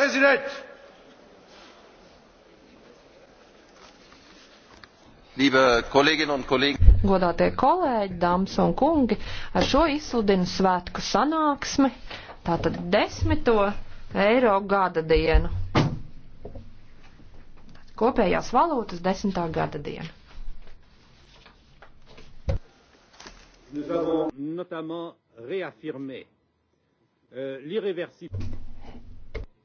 Präsident! Liebe Kolleginnen und Kollegen! Godātie kolēģi, dāmas un kungi, ar šo izsludinu svētku sanāksmi, tātad desmito eiro gada dienu. Kopējās valūtas desmitā gada diena. Nous avons notamment réaffirmé euh, l'irréversibilité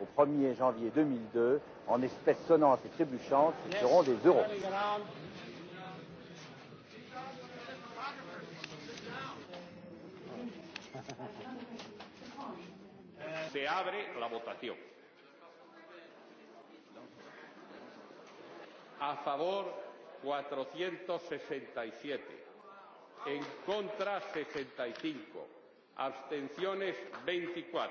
au 1er janvier 2002 en espèces sonnantes et trébuchantes qui seront des euros. Se abre la votación. A favor 467. En contra 65. Abstenciones 24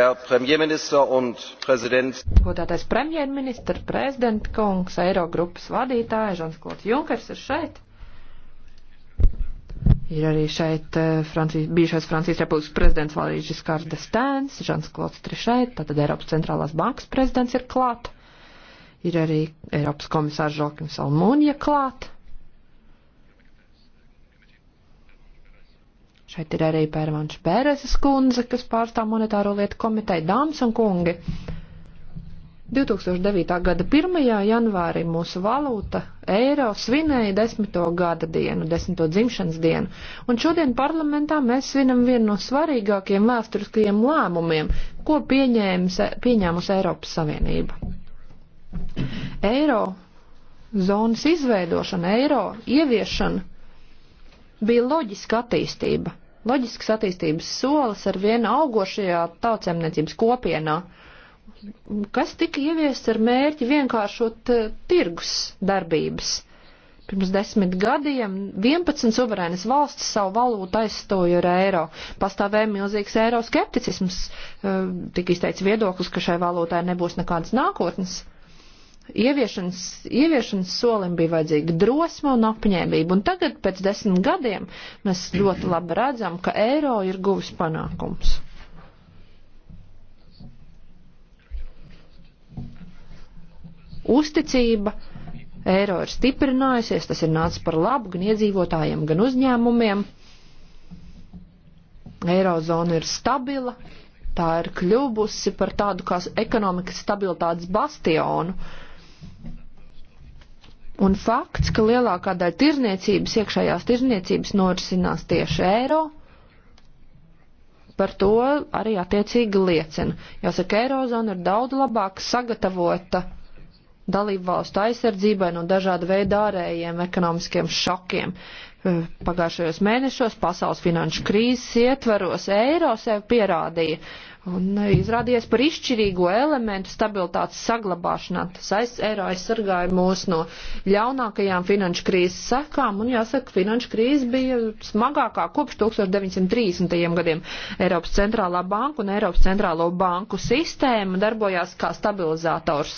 Herr Premjerminister un Präsident. Godātais premjerministra, prezidenta kungs, Eirogrupas vadītāja, Žans Klots Junkers ir šeit. Ir arī šeit eh, Francijas, bijušais Francijas republikas prezidents Valīģis Karda Stēns, Žans Klots Trišeit, tātad Eiropas centrālās bankas prezidents ir klāt. Ir arī Eiropas komisārs Žokim Salmūnija klāt. Šeit ir arī Pērvanš Bēreses kundze, kas pārstāv monetāro lietu komiteju dāmas un kungi. 2009. gada 1. janvārī mūsu valūta eiro svinēja desmito gada dienu, desmito dzimšanas dienu, un šodien parlamentā mēs svinam vienu no svarīgākiem vēsturiskajiem lēmumiem, ko pieņēmis, pieņēmus Eiropas Savienība. Eiro zonas izveidošana, eiro ieviešana bija loģiska attīstība. Loģisks attīstības solis ar vienu augošajā tautsēmniecības kopienā, kas tika ieviests ar mērķi vienkāršot eh, tirgus darbības. Pirms desmit gadiem 11 suverēnas valstis savu valūtu aizstoja ar eiro. Pastāvēja milzīgs eiroskepticisms, eh, tika izteicis viedoklis, ka šai valūtai nebūs nekādas nākotnes. Ieviešanas, ieviešanas solim bija vajadzīga drosme un apņēmība, un tagad pēc desmit gadiem mēs ļoti labi redzam, ka eiro ir guvis panākums. Uzticība eiro ir stiprinājusies, tas ir nācis par labu gan iedzīvotājiem, gan uzņēmumiem. Eirozona ir stabila, tā ir kļuvusi par tādu kā ekonomikas stabilitātes bastionu. Un fakts, ka lielākā daļa tirzniecības, iekšējās tirzniecības norisinās tieši eiro, par to arī attiecīgi liecina. Jāsaka, eirozona ir daudz labāk sagatavota dalību valstu aizsardzībai no dažāda veida ārējiem ekonomiskiem šokiem. Eh, pagājušajos mēnešos pasaules finanšu krīzes ietvaros eiro sev pierādīja un eh, izrādījies par izšķirīgo elementu stabilitātes saglabāšanā. Tas aiz, eiro aizsargāja mūs no ļaunākajām finanšu krīzes sekām, un jāsaka, finanšu krīze bija smagākā kopš 1930. gadiem. Eiropas centrālā banka un Eiropas centrālo banku sistēma darbojās kā stabilizators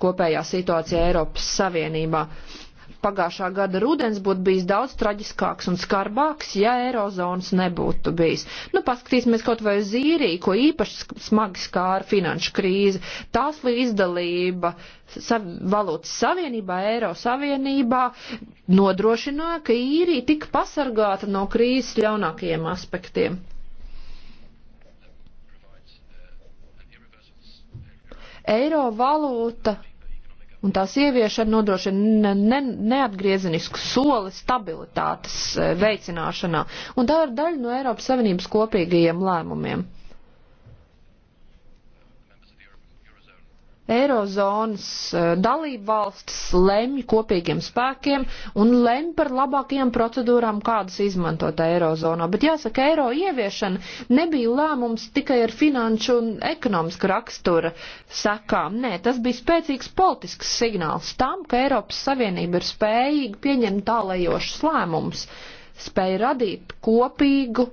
kopējā situācijā Eiropas Savienībā. Uh, pagājušā gada rudens būtu bijis daudz traģiskāks un skarbāks, ja eirozonas nebūtu bijis. Nu, paskatīsimies kaut vai uz īriju, ko īpaši smagi skāra finanšu krīze. Tās izdalība sav, valūtas savienībā, eiro savienībā nodrošināja, ka īrija tika pasargāta no krīzes ļaunākajiem aspektiem. Eiro valūta un tās ieviešana nodrošina ne, ne, neatgriezenisku soli stabilitātes e, veicināšanā, un tā ir daļa no Eiropas Savienības kopīgajiem lēmumiem. Eirozonas eh, dalību valstis lemj kopīgiem spēkiem un lemj par labākajām procedūrām, kādas izmantot Eirozonā. Bet jāsaka, eiro ieviešana nebija lēmums tikai ar finanšu un ekonomisku rakstura sekām. Nē, tas bija spēcīgs politisks signāls tam, ka Eiropas Savienība ir spējīga pieņemt tālējošus lēmumus, spēja radīt kopīgu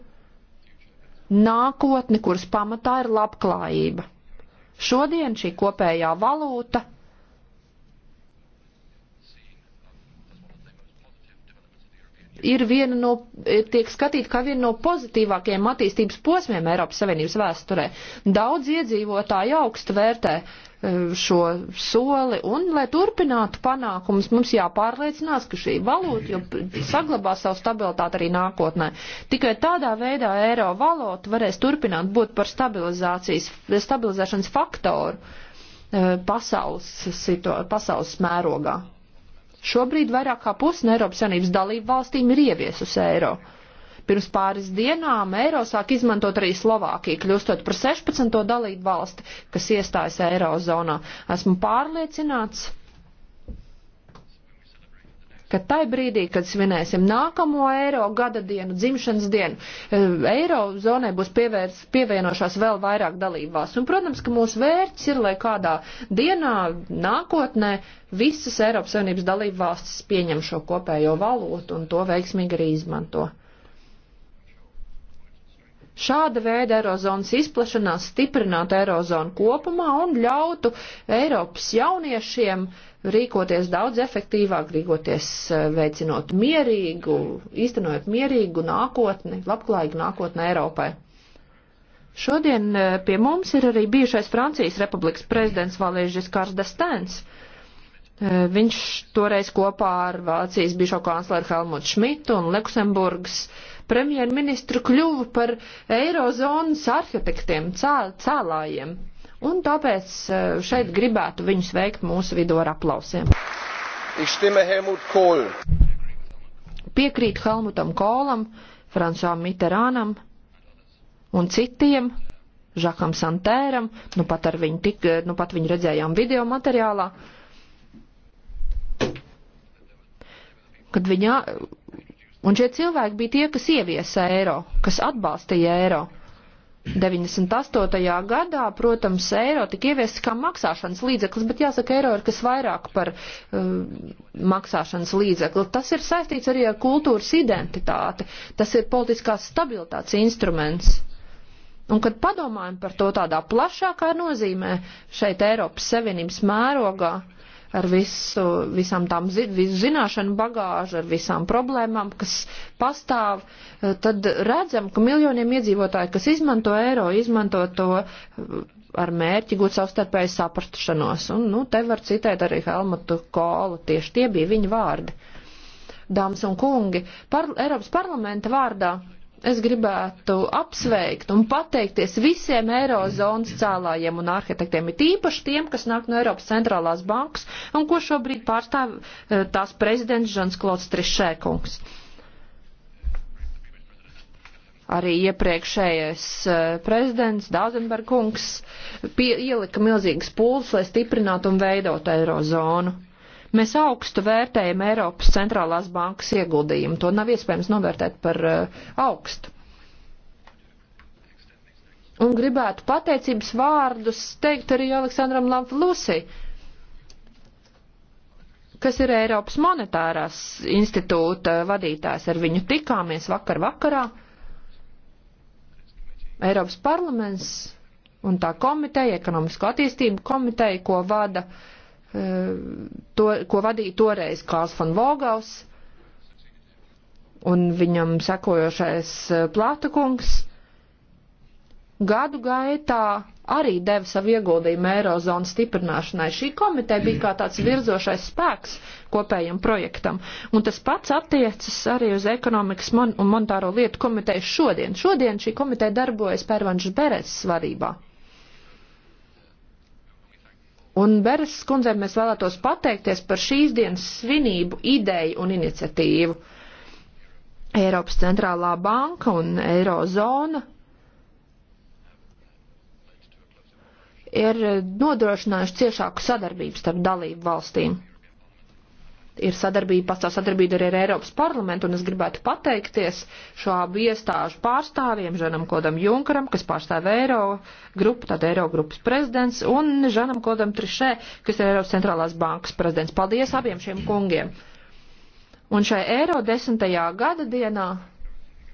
nākotni, kuras pamatā ir labklājība. Šodien šī kopējā valūta ir viena no, tiek skatīta kā viena no pozitīvākajiem attīstības posmiem Eiropas Savienības vēsturē. Daudz iedzīvotāji augstu vērtē e, šo soli, un, lai turpinātu panākumus, mums jāpārliecinās, ka šī valūta jau saglabā savu stabilitāti arī nākotnē. Tikai tādā veidā eiro valūta varēs turpināt būt par stabilizācijas, stabilizēšanas faktoru e, pasaules, pasaules mērogā. Šobrīd vairāk kā pusi no Eiropas Savienības dalību valstīm ir ieviesusi eiro. Pirms pāris dienām eiro sāk izmantot arī Slovākija, kļūstot par 16. dalību valsti, kas iestājas eirozonā. Esmu pārliecināts, ka tai brīdī, kad svinēsim nākamo eiro gada dienu, dzimšanas dienu, e, eiro zonai būs pievērs, pievienošās vēl vairāk dalībās. Un, protams, ka mūsu vērts ir, lai kādā dienā nākotnē visas Eiropas Savienības dalību valstis pieņem šo kopējo valūtu un to veiksmīgi arī izmanto. Šāda veida eirozonas izplašanās stiprinātu eirozonu kopumā un ļautu Eiropas jauniešiem rīkoties daudz efektīvāk, rīkoties eh, veicinot mierīgu, īstenojot mierīgu nākotni, labklājīgu nākotni Eiropai. Šodien eh, pie mums ir arī bijušais Francijas republikas prezidents Valēžis Kārs Destens. Eh, viņš toreiz kopā ar Vācijas bišo kancleru Helmutu Šmitu un Luksemburgas premjerministru kļuvu par eirozonas arhitektiem, cēl, cēlājiem. Un tāpēc e, šeit gribētu viņus veikt mūsu vidū ar aplausiem. Piekrīt Helmutam Kolam, Frančām Mitterānam un citiem, Žakam Santēram, nu pat ar viņu tik, e, nu pat viņu redzējām video materiālā, kad viņa Un šie cilvēki bija tie, kas ieviesa eiro, kas atbalstīja eiro. 98. gadā, protams, eiro tika ieviests kā maksāšanas līdzeklis, bet jāsaka, eiro ir kas vairāk par uh, maksāšanas līdzekli. Tas ir saistīts arī ar kultūras identitāti, tas ir politiskās stabilitātes instruments. Un, kad padomājam par to tādā plašākā nozīmē šeit Eiropas Savienības mērogā, uh, ar visu, visām tām zi, visu zināšanu bagāžu, ar visām problēmām, kas pastāv, eh, tad redzam, ka miljoniem iedzīvotāji, kas izmanto eiro, izmanto to eh, ar mērķi gūt savstarpēju saprašanos. Un, nu, te var citēt arī Helmutu Kola, tieši tie bija viņa vārdi. Dāmas un kungi, par, Eiropas parlamenta vārdā es gribētu apsveikt un pateikties visiem eirozonas cēlājiem un arhitektiem, it īpaši tiem, kas nāk no Eiropas centrālās bankas un ko šobrīd pārstāv eh, tās prezidents Žans Klods Trišēkungs. Arī iepriekšējais eh, prezidents Dauzenbergungs ielika milzīgas pūles, lai stiprinātu un veidotu eirozonu. Mēs augstu vērtējam Eiropas centrālās bankas ieguldījumu. To nav iespējams novērtēt par eh, augstu un gribētu pateicības vārdus teikt arī Aleksandram Lavlusi, kas ir Eiropas monetārās institūta vadītājs. Ar viņu tikāmies vakar vakarā. Eiropas parlaments un tā komiteja, ekonomisko attīstību komiteja, ko vada uh, to, ko vadīja toreiz Klāls von Vogaus un viņam sekojošais eh, Plāta kungs, gadu gaitā arī deva savu ieguldījumu Eirozonas stiprināšanai. Šī komiteja bija kā tāds virzošais spēks kopējam projektam. Un tas pats attiecas arī uz ekonomikas mon un monetāro lietu komiteju šodien. Šodien šī komiteja darbojas Pērvanšas Beres svarībā. Un Beres skundzē mēs vēlētos pateikties par šīs dienas svinību, ideju un iniciatīvu. Eiropas centrālā banka un Eirozona ir nodrošinājuši ciešāku sadarbību starp dalību valstīm ir sadarbība, pastāv sadarbība arī ar Eiropas parlamentu, un es gribētu pateikties šo abu iestāžu pārstāvjiem, Žanam Kodam Junkaram, kas pārstāv Eiro grupu, tad Eiro grupas prezidents, un Žanam Kodam Trišē, kas ir Eiropas centrālās bankas prezidents. Paldies abiem šiem kungiem! Un šai Eiro desmitajā gada dienā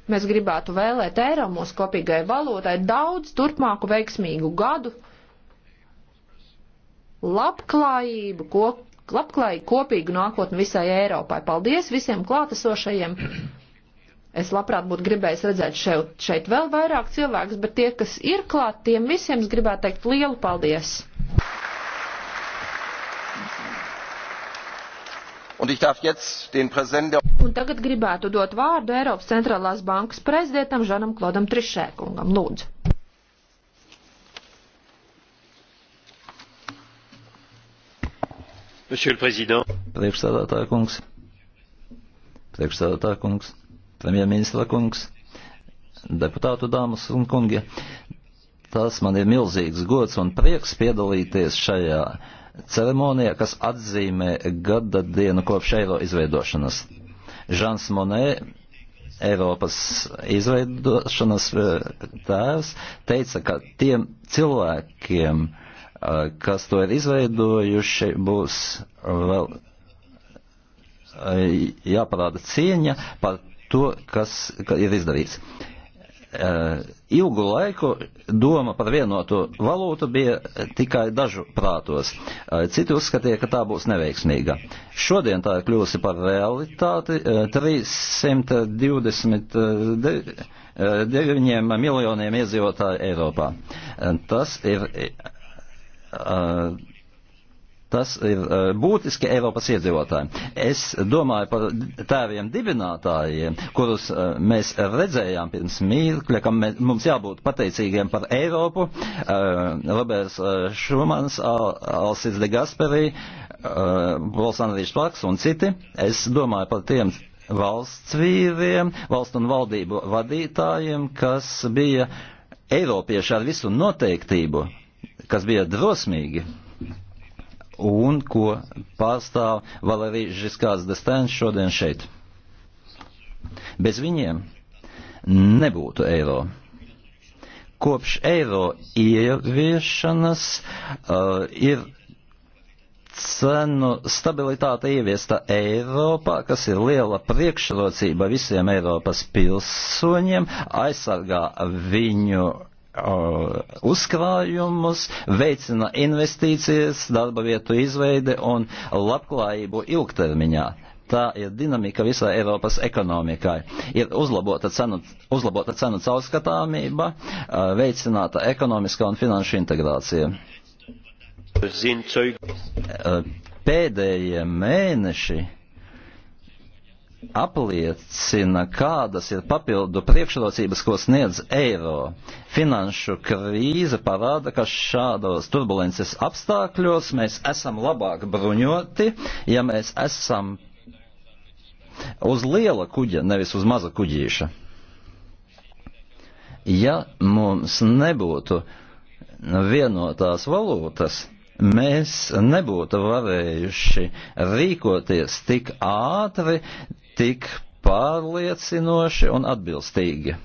mēs gribētu vēlēt Eiro mūsu kopīgai valūtai daudz turpmāku veiksmīgu gadu, labklājību, ko labklājīgu kopīgu nākotni visai Eiropai. Paldies visiem klātesošajiem! Es labprāt būtu gribējis redzēt šeit, šeit vēl vairāk cilvēkus, bet tie, kas ir klāt, tiem visiem es gribētu teikt lielu paldies! Un tagad gribētu dot vārdu Eiropas centrālās bankas prezidentam Žanam Klodam Trišēkungam. Lūdzu! Priekšsēdētāja kungs, priekšsēdētāja kungs, premjerministra kungs, deputātu dāmas un kungi, tas man ir milzīgs gods un prieks piedalīties šajā ceremonijā, kas atzīmē gada dienu kopš eiro izveidošanas. Žans Monē Eiropas izveidošanas eh, tēvs teica, ka tiem cilvēkiem, kas to ir izveidojuši, būs vēl jāparāda cieņa par to, kas ir izdarīts. Ilgu laiku doma par vienotu valūtu bija tikai dažu prātos. Citi uzskatīja, ka tā būs neveiksmīga. Šodien tā ir kļūsi par realitāti 329 miljoniem iedzīvotāju Eiropā. Tas ir Eh, tas ir eh, būtiski Eiropas iedzīvotājiem. Es domāju par tēviem dibinātājiem, kurus eh, mēs redzējām pirms mīkļa, ka mēs, mums jābūt pateicīgiem par Eiropu. Roberts Šumans, Alsis de Gasperi, Bols Andrīšs Parks un citi. Es domāju par tiem valsts vīriem, valstu un valdību vadītājiem, kas bija Eiropieši ar visu noteiktību kas bija drosmīgi un ko pārstāv Valerija Žiskās Destēns šodien šeit. Bez viņiem nebūtu eiro. Kopš eiro ieviešanas uh, ir cenu stabilitāte ieviesta Eiropā, kas ir liela priekšrocība visiem Eiropas pilsoņiem, aizsargā viņu uzkrājumus, veicina investīcijas, darba vietu izveidi un labklājību ilgtermiņā. Tā ir dinamika visai Eiropas ekonomikai. Ir uzlabota cenu, uzlabota cenu caurskatāmība, veicināta ekonomiskā un finanšu integrācija. Pēdējie mēneši apliecina, kādas ir papildu priekšrocības, ko sniedz eiro. Finanšu krīze parāda, ka šādos turbulences apstākļos mēs esam labāk bruņoti, ja mēs esam uz liela kuģa, nevis uz maza kuģīša. Ja mums nebūtu vienotās valūtas, mēs nebūtu varējuši rīkoties tik ātri, tik pārliecinoši un atbilstīgi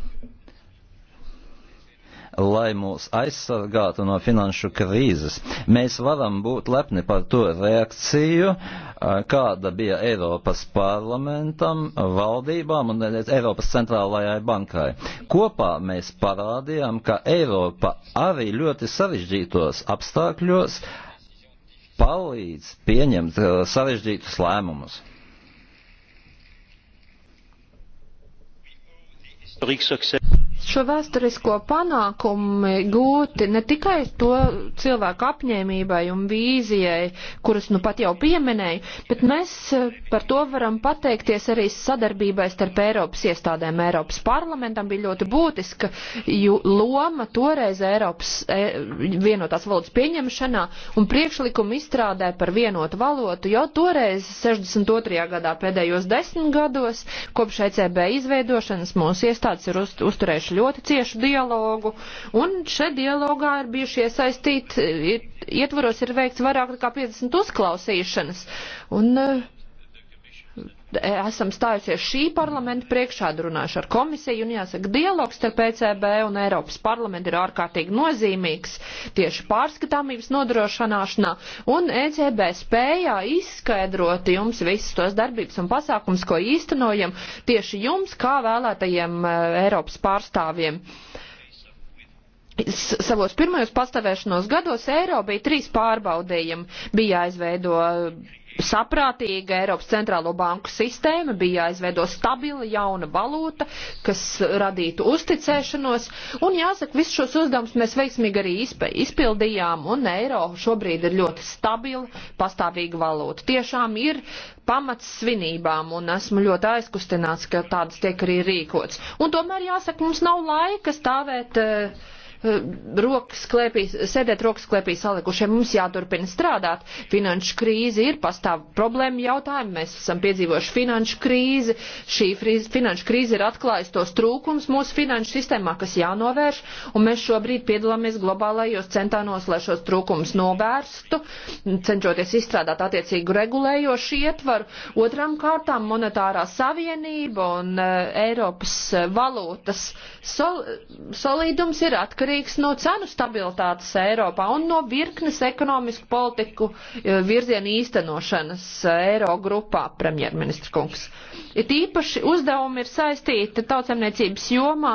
lai mūs aizsargātu no finanšu krīzes. Mēs varam būt lepni par to reakciju, kāda bija Eiropas parlamentam, valdībām un Eiropas centrālajai bankai. Kopā mēs parādījām, ka Eiropa arī ļoti sarežģītos apstākļos palīdz pieņemt sarežģītus lēmumus. historique succès. Šo vēsturisko panākumu gūti ne tikai to cilvēku apņēmībai un vīzijai, kuras nu pat jau pieminēju, bet mēs eh, par to varam pateikties arī sadarbībai starp Eiropas iestādēm. Eiropas parlamentam bija ļoti būtiska loma toreiz Eiropas e, vienotās valodas pieņemšanā un priekšlikumu izstrādē par vienotu valodu jau toreiz 62. gadā pēdējos desmit gados, kopš ECB izveidošanas mūsu iestādes ir uzturējuši ļoti ļoti ciešu dialogu, un še dialogā ir bijuši iesaistīti, ietvaros ir veikts vairāk nekā 50 uzklausīšanas. Un, uh, esam stājušies šī parlamenta priekšā, runājuši ar komisiju, un jāsaka, dialogs starp ECB un Eiropas parlamentu ir ārkārtīgi nozīmīgs tieši pārskatāmības nodrošināšanā, un ECB spējā izskaidrot jums visus tos darbības un pasākums, ko īstenojam tieši jums, kā vēlētajiem e, Eiropas pārstāvjiem. S savos pirmajos pastāvēšanos gados eiro bija trīs pārbaudījumi. Bija jāizveido saprātīga Eiropas centrālo banku sistēma, bija jāizveido stabila jauna valūta, kas radītu uzticēšanos, un jāsaka, visus šos uzdevumus mēs veiksmīgi arī izpildījām, un eiro šobrīd ir ļoti stabila, pastāvīga valūta. Tiešām ir pamats svinībām, un esmu ļoti aizkustināts, ka tādas tiek arī rīkots. Un tomēr jāsaka, mums nav laika stāvēt. Uh, rokas klēpī, sēdēt rokas klēpī salikušiem. Mums jāturpina strādāt. Finanšu krīze ir, pastāv problēma jautājumi. Mēs esam piedzīvojuši finanšu krīzi. Šī frīze, finanšu krīze ir atklājusi tos trūkums mūsu finanšu sistēmā, kas jānovērš. Un mēs šobrīd piedalāmies globālajos centānos, lai šos trūkumus novērstu, cenšoties izstrādāt attiecīgu regulējošu ietvaru. Otram kārtām monetārā savienība un uh, Eiropas eh, valūtas sol solīdums ir atkarīgs atkarīgs no cenu stabilitātes Eiropā un no virknes ekonomisku politiku eh, virzienu īstenošanas eh, Eiro grupā, premjerministra kungs. Ir īpaši uzdevumi ir saistīti tautsemniecības jomā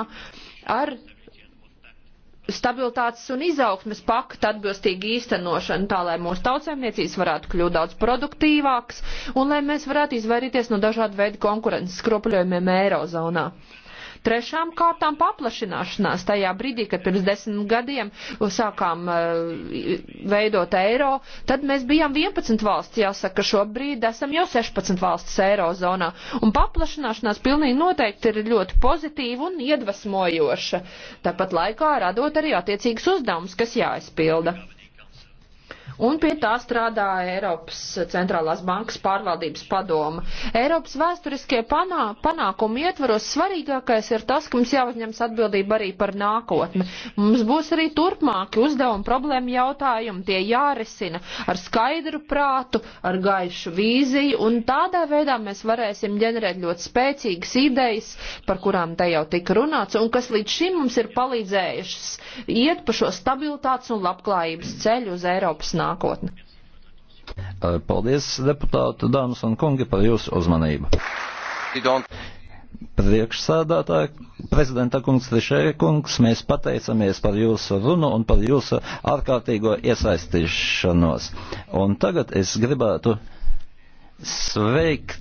ar stabilitātes un izaugsmes pakta atbilstīgi īstenošanu, tā lai mūsu tautsēmniecības varētu kļūt daudz produktīvāks un lai mēs varētu izvairīties no dažādu veidu konkurences skropļojumiem Eirozonā. Trešām kārtām paplašināšanās tajā brīdī, kad pirms desmit gadiem sākām eh, veidot eiro, tad mēs bijām 11 valsts, jāsaka, šobrīd esam jau 16 valsts eirozonā. Un paplašināšanās pilnīgi noteikti ir ļoti pozitīva un iedvesmojoša, tāpat laikā radot arī attiecīgas uzdevumus, kas jāizpilda un pie tā strādāja Eiropas centrālās bankas pārvaldības padoma. Eiropas vēsturiskie panā, panākumi ietvaros svarīgākais ir tas, ka mums jāuzņems atbildība arī par nākotni. Mums būs arī turpmāki uzdevumi problēma jautājumi, tie jārisina ar skaidru prātu, ar gaišu vīziju, un tādā veidā mēs varēsim ģenerēt ļoti spēcīgas idejas, par kurām te jau tika runāts, un kas līdz šim mums ir palīdzējušas iet pa šo stabilitātes un labklājības ceļu uz Eiropas nākotni nākotni. Paldies, deputāti, dāmas un kungi, par jūsu uzmanību. Priekšsādātāja, prezidenta kungs Trišēja kungs, mēs pateicamies par jūsu runu un par jūsu ārkārtīgo iesaistīšanos. Un tagad es gribētu sveikt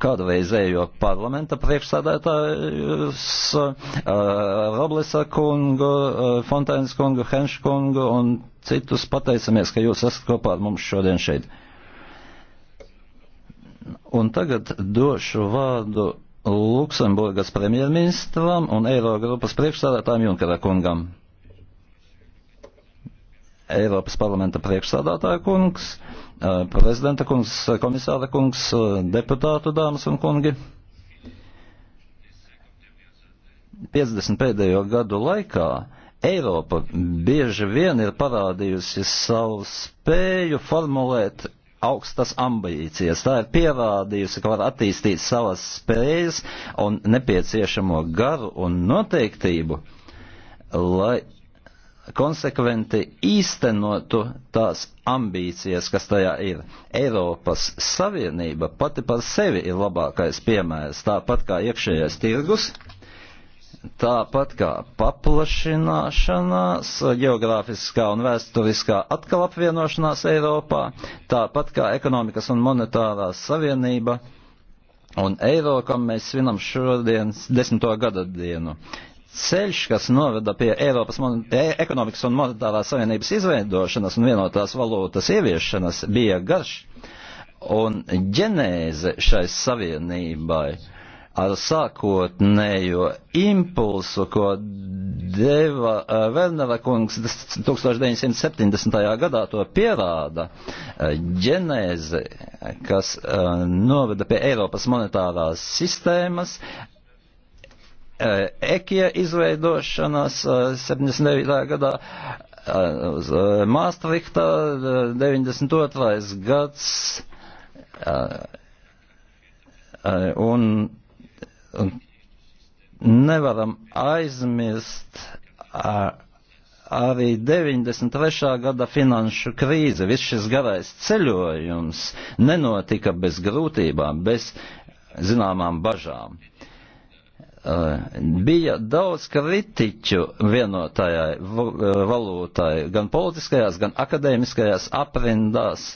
kādreizējo parlamenta priekšsādētājus uh, eh, Roblesa kungu, uh, eh, Fontēnas kungu, Henš kungu un citus pateicamies, ka jūs esat kopā ar mums šodien šeit. Un tagad došu vārdu Luksemburgas premjerministram un Eirogrupas priekšsādātājam Junkara kungam. Eiropas parlamenta priekšsādātāja kungs. Uh, Prezidenta kungs, komisāra kungs, deputātu dāmas un kungi. 50 pēdējo gadu laikā Eiropa bieži vien ir parādījusi savu spēju formulēt augstas ambīcijas. Tā ir pierādījusi, ka var attīstīt savas spējas un nepieciešamo garu un noteiktību, lai konsekventi īstenotu tās ambīcijas, kas tajā ir. Eiropas Savienība pati par sevi ir labākais piemērs, tāpat kā iekšējais tirgus, tāpat kā paplašināšanās, geogrāfiskā un vēsturiskā atkal apvienošanās Eiropā, tāpat kā ekonomikas un monetārā savienība un eiro, kam mēs svinam šodien desmito gada dienu ceļš, kas noveda pie Eiropas ekonomikas un monetārās savienības izveidošanas un vienotās valūtas ieviešanas, bija garš. Un ģenēze šai savienībai ar sākotnējo impulsu, ko deva eh, Vernera kungs 1970. gadā to pierāda, eh, ģenēze, kas eh, noveda pie Eiropas monetārās sistēmas, Eh, Ekija izveidošanas 79. Eh, gadā eh, uz Māstrihta 92. gads un, un nevaram aizmirst arī 93. gada finanšu krīze, viss šis garais ceļojums nenotika bez grūtībām, bez zināmām bažām. Eh, bija daudz kritiķu vienotajai eh, valūtai, gan politiskajās, gan akadēmiskajās aprindās.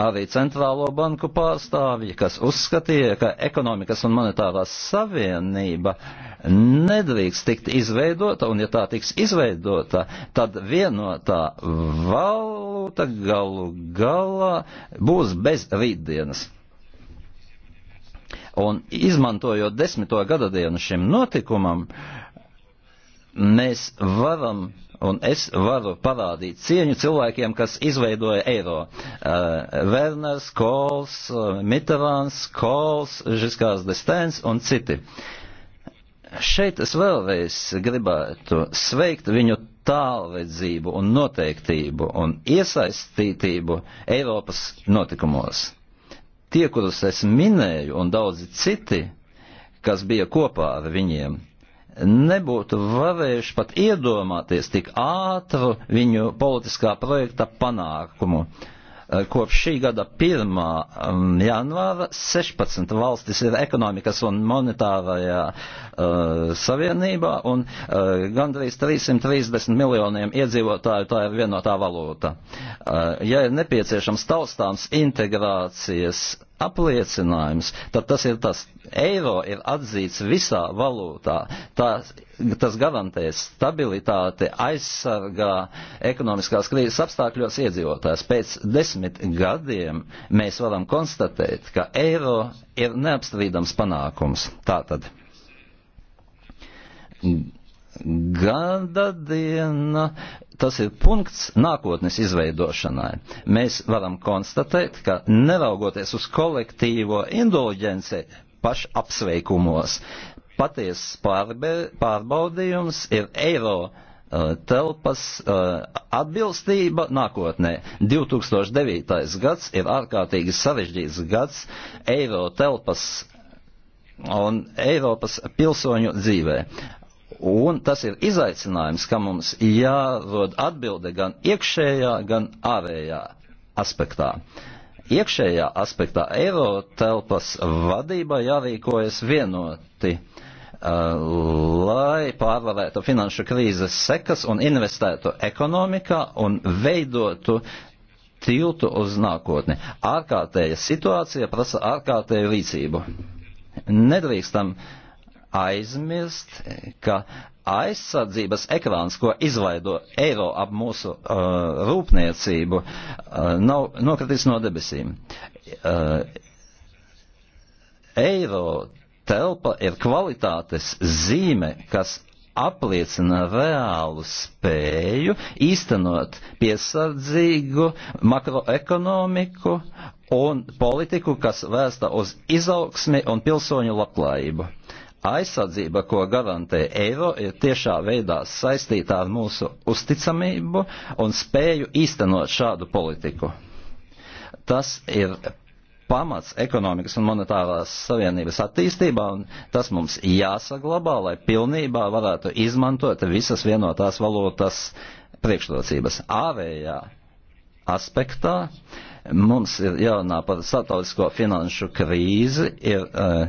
Arī centrālo banku pārstāvji, kas uzskatīja, ka ekonomikas un monetārās savienība nedrīkst tikt izveidota, un ja tā tiks izveidota, tad vienotā valūta galu galā būs bez rītdienas. Un izmantojot desmito gada dienu šim notikumam, mēs varam un es varu parādīt cieņu cilvēkiem, kas izveidoja eiro. Uh, Werners, Kols, eh, Mitterāns, Kols, Žiskās Destēns un citi. Šeit es vēlreiz gribētu sveikt viņu tālredzību un noteiktību un iesaistītību Eiropas notikumos tie, kurus es minēju, un daudzi citi, kas bija kopā ar viņiem, nebūtu varējuši pat iedomāties tik ātru viņu politiskā projekta panākumu. Uh, Eh, kopš šī gada 1. Um, janvāra 16 valstis ir ekonomikas un monetārajā uh, savienībā un uh, gandrīz 330 miljoniem iedzīvotāju tā ir vienotā valūta. Uh, ja ir nepieciešams taustāms integrācijas apliecinājums, tad tas ir tas eiro ir atzīts visā valūtā. Tā, tas garantē stabilitāti, aizsargā ekonomiskās krīzes apstākļos iedzīvotājs. Pēc desmit gadiem mēs varam konstatēt, ka eiro ir neapstrīdams panākums. Tātad. Gada diena tas ir punkts nākotnes izveidošanai. Mēs varam konstatēt, ka neraugoties uz kolektīvo indulģenci pašapsveikumos, patiesas pārbaudījums ir eiro eh, telpas uh, atbilstība nākotnē. 2009. gads ir ārkārtīgi sarežģīts gads eiro telpas un Eiropas pilsoņu dzīvē. Un tas ir izaicinājums, ka mums jārod atbilde gan iekšējā, gan ārējā aspektā. Iekšējā aspektā eiro telpas vadībā jārīkojas vienoti, uh, lai pārvarētu finanšu krīzes sekas un investētu ekonomikā un veidotu tiltu uz nākotni. Ārkārtēja situācija prasa ārkārtēju rīcību. Nedrīkstam uh, aizmirst, ka aizsardzības ekrāns, ko izvaido eiro ap mūsu uh, rūpniecību, uh, nav nokritis no debesīm. Uh, eiro telpa ir kvalitātes zīme, kas apliecina reālu spēju īstenot piesardzīgu makroekonomiku un politiku, kas vērsta uz izaugsmi un pilsoņu labklājību. Aizsardzība, ko garantē eiro, ir tiešā veidā saistīta ar mūsu uzticamību un spēju īstenot šādu politiku. Tas ir pamats ekonomikas un monetārās savienības attīstībā, un tas mums jāsaglabā, lai pilnībā varētu izmantot visas vienotās valūtas priekšrocības. Ārējā aspektā mums ir jārunā par starptautisko finanšu krīzi, ir uh,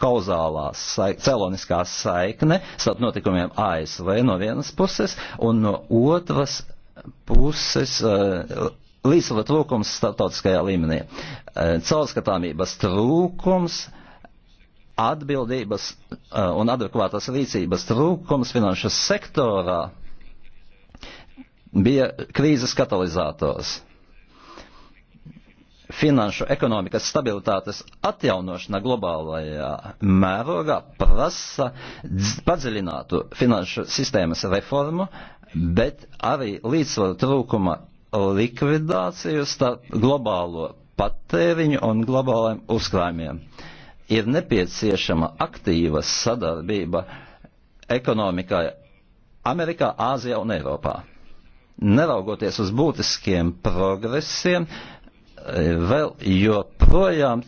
kauzālā sai, celoniskā saikne starp notikumiem ASV no vienas puses un no otras puses. Uh, eh, Līdzsvara trūkums starptautiskajā līmenī, uh, caurskatāmības trūkums, atbildības uh, un adekvātas rīcības trūkums finanšu sektorā bija krīzes katalizators finanšu ekonomikas stabilitātes atjaunošana globālajā mērogā prasa padziļinātu finanšu sistēmas reformu, bet arī līdzsvaru trūkuma likvidāciju starp globālo patēriņu un globālajiem uzkrājumiem. Ir nepieciešama aktīva sadarbība ekonomikai Amerikā, Āzijā un Eiropā. Neraugoties uz būtiskiem progresiem, uh, vēl joprojām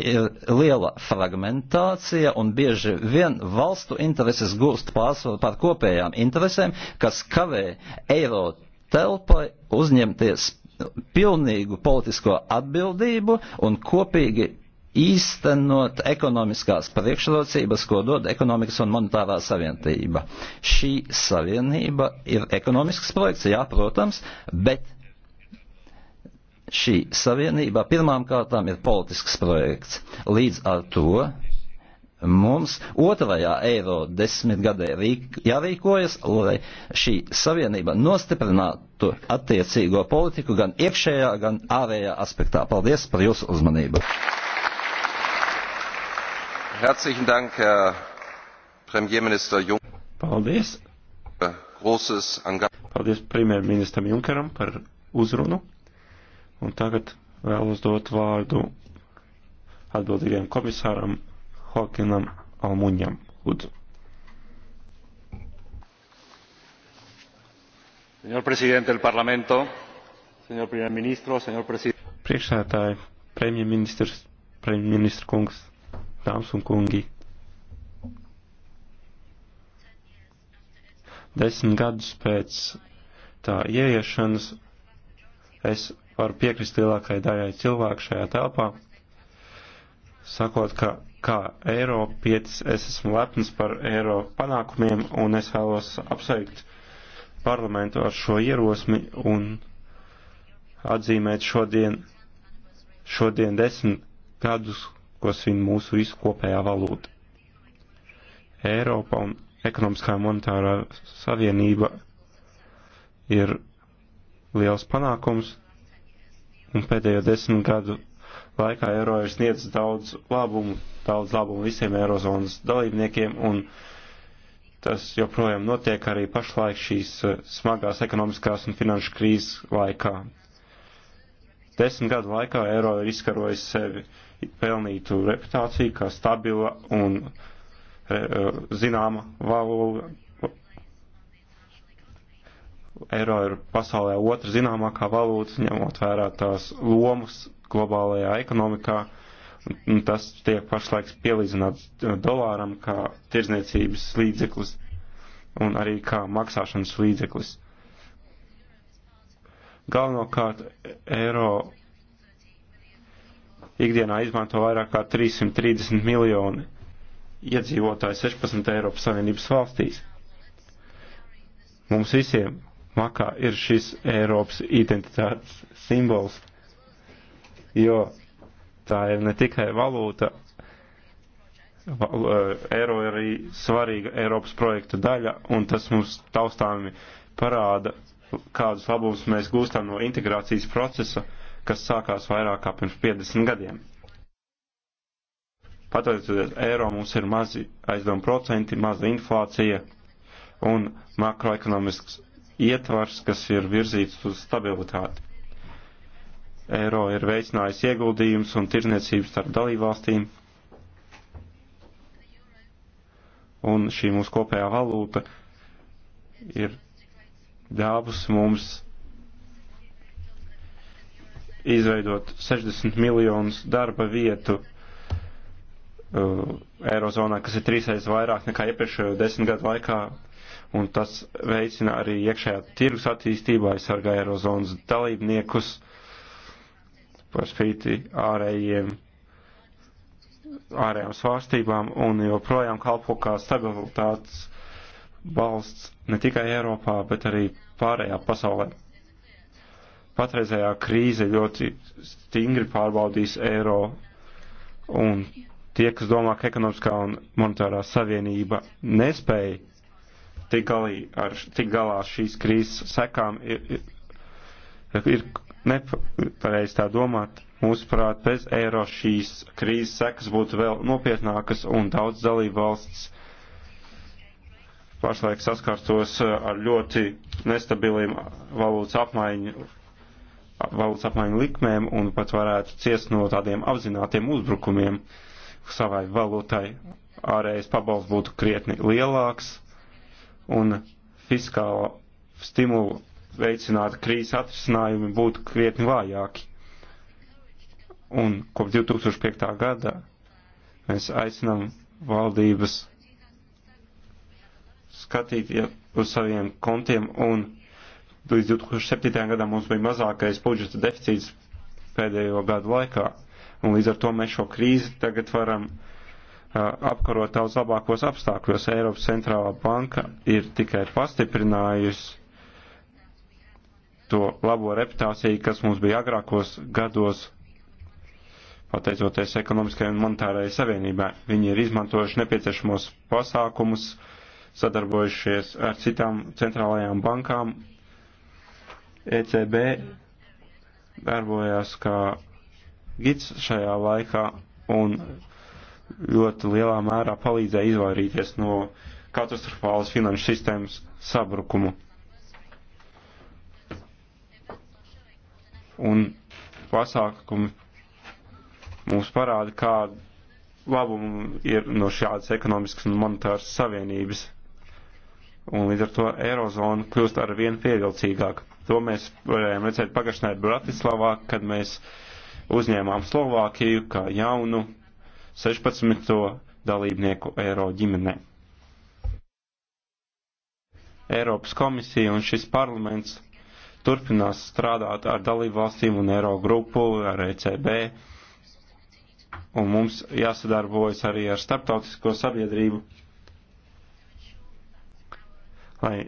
ir liela fragmentācija un bieži vien valstu intereses gūst pārsvaru par kopējām interesēm, kas kavē eiro telpai uzņemties pilnīgu politisko atbildību un kopīgi īstenot ekonomiskās priekšrocības, ko dod ekonomikas un monetārā savienība. Šī savienība ir ekonomisks projekts, jā, protams, bet šī savienība pirmām kārtām ir politisks projekts. Līdz ar to mums otrajā eiro desmitgadē jārīkojas, lai šī savienība nostiprinātu attiecīgo politiku gan iekšējā, gan ārējā aspektā. Paldies par jūsu uzmanību. Herzlichen Dank, Herr Premierminister Jung. Paldies. Großes Engagement. Paldies premjerministram Junkeram par uzrunu. Un tagad vēlos dot vārdu atbildīgajam komisāram Hokinam Almuņam. Lūdzu. Señor presidente del Parlamento, señor primer ministro, señor presidente. Priekšsētāji, premjerministrs, premjerministra kungs, dāmas un kungi. Desmit gadus pēc tā ieiešanas es Varu piekrist lielākai daļai cilvēku šajā telpā, sakot, ka kā Eiropietis es esmu lepns par Eiro panākumiem un es vēlos apsveikt parlamentu ar šo ierosmi un atzīmēt šodien, šodien desmit gadus, ko svin mūsu visu kopējā valūta. Eiropa un ekonomiskā monetārā savienība ir liels panākums, Un pēdējo desmit gadu laikā eiro ir sniedzis daudz labumu, daudz labumu visiem eirozonas dalībniekiem, un tas joprojām notiek arī pašlaik šīs eh, smagās ekonomiskās un finanšu krīzes laikā. Desmit gadu laikā eiro ir izkarojis sevi pelnītu reputāciju kā stabila un eh, zināma valoda, eiro ir pasaulē otra zināmākā valūta, ņemot vērā tās lomas globālajā ekonomikā. Un tas tiek pašlaik pielīdzināts dolāram kā tirzniecības līdzeklis un arī kā maksāšanas līdzeklis. Galvenokārt eiro ikdienā izmanto vairāk kā 330 miljoni iedzīvotāji 16 Eiropas Savienības valstīs. Mums visiem makā ir šis Eiropas identitātes simbols, jo tā ir ne tikai valūta, uh, eiro ir arī svarīga Eiropas projekta daļa, un tas mums taustāmi parāda, kādus labumus mēs gūstam no integrācijas procesa, kas sākās vairāk kā pirms 50 gadiem. Pateicoties eiro, mums ir mazi aizdomu procenti, maza inflācija un makroekonomisks ietvars, kas ir virzīts uz stabilitāti. Eiro ir veicinājis ieguldījums un tirzniecības starp dalībvalstīm, un šī mūsu kopējā valūta ir dāvus mums izveidot 60 miljonus darba vietu uh, Eirozonā, kas ir trīsreiz vairāk nekā iepriekšējo desmit gadu laikā un tas veicina arī iekšējā tirgus attīstību, aizsargā Eirozonas dalībniekus par spīti ārējiem, ārējām svārstībām un joprojām kalpo kā stabilitātes balsts ne tikai Eiropā, bet arī pārējā pasaulē. Patreizējā krīze ļoti stingri pārbaudīs eiro un tie, kas domā, ka ekonomiskā un monetārā savienība nespēja tik, galī, ar, tik galā ar šīs krīzes sekām, ir, ir nepareiz tā domāt. Mūsuprāt, bez eiro šīs krīzes sekas būtu vēl nopietnākas un daudz dalību valsts pašlaik saskārtos ar ļoti nestabiliem valūtas apmaiņu valūtas apmaiņu likmēm un pat varētu ciest no tādiem apzinātiem uzbrukumiem savai valūtai. Ārējais pabalsts būtu krietni lielāks, un fiskālo stimulu veicināt krīzes atrisinājumi būtu krietni vājāki. Un kopš 2005. gada mēs aicinām valdības skatīt uz saviem kontiem un līdz 2007. gadam mums bija mazākais budžeta deficīts pēdējo gadu laikā. Un līdz ar to mēs šo krīzi tagad varam uh, apkarot daudz labākos apstākļos. Eiropas centrālā banka ir tikai pastiprinājusi to labo reputāciju, kas mums bija agrākos gados, pateicoties ekonomiskai un monetārai savienībai. Viņi ir izmantojuši nepieciešamos pasākumus, sadarbojušies ar citām centrālajām bankām. ECB darbojās kā gids šajā laikā un ļoti lielā mērā palīdzēja izvairīties no katastrofālas finanšu sistēmas sabrukumu. Un pasākumi mums parāda, kādu labumu ir no šādas ekonomiskas un monetāras savienības. Un līdz ar to Eirozona kļūst ar vien pievilcīgāk. To mēs varējām redzēt pagājušajā Bratislavā, kad mēs uzņēmām Slovākiju kā jaunu 16. dalībnieku eiro ģimenē. Eiropas komisija un šis parlaments turpinās strādāt ar dalību valstīm un eiro grupu, ar ECB, un mums jāsadarbojas arī ar starptautisko sabiedrību, lai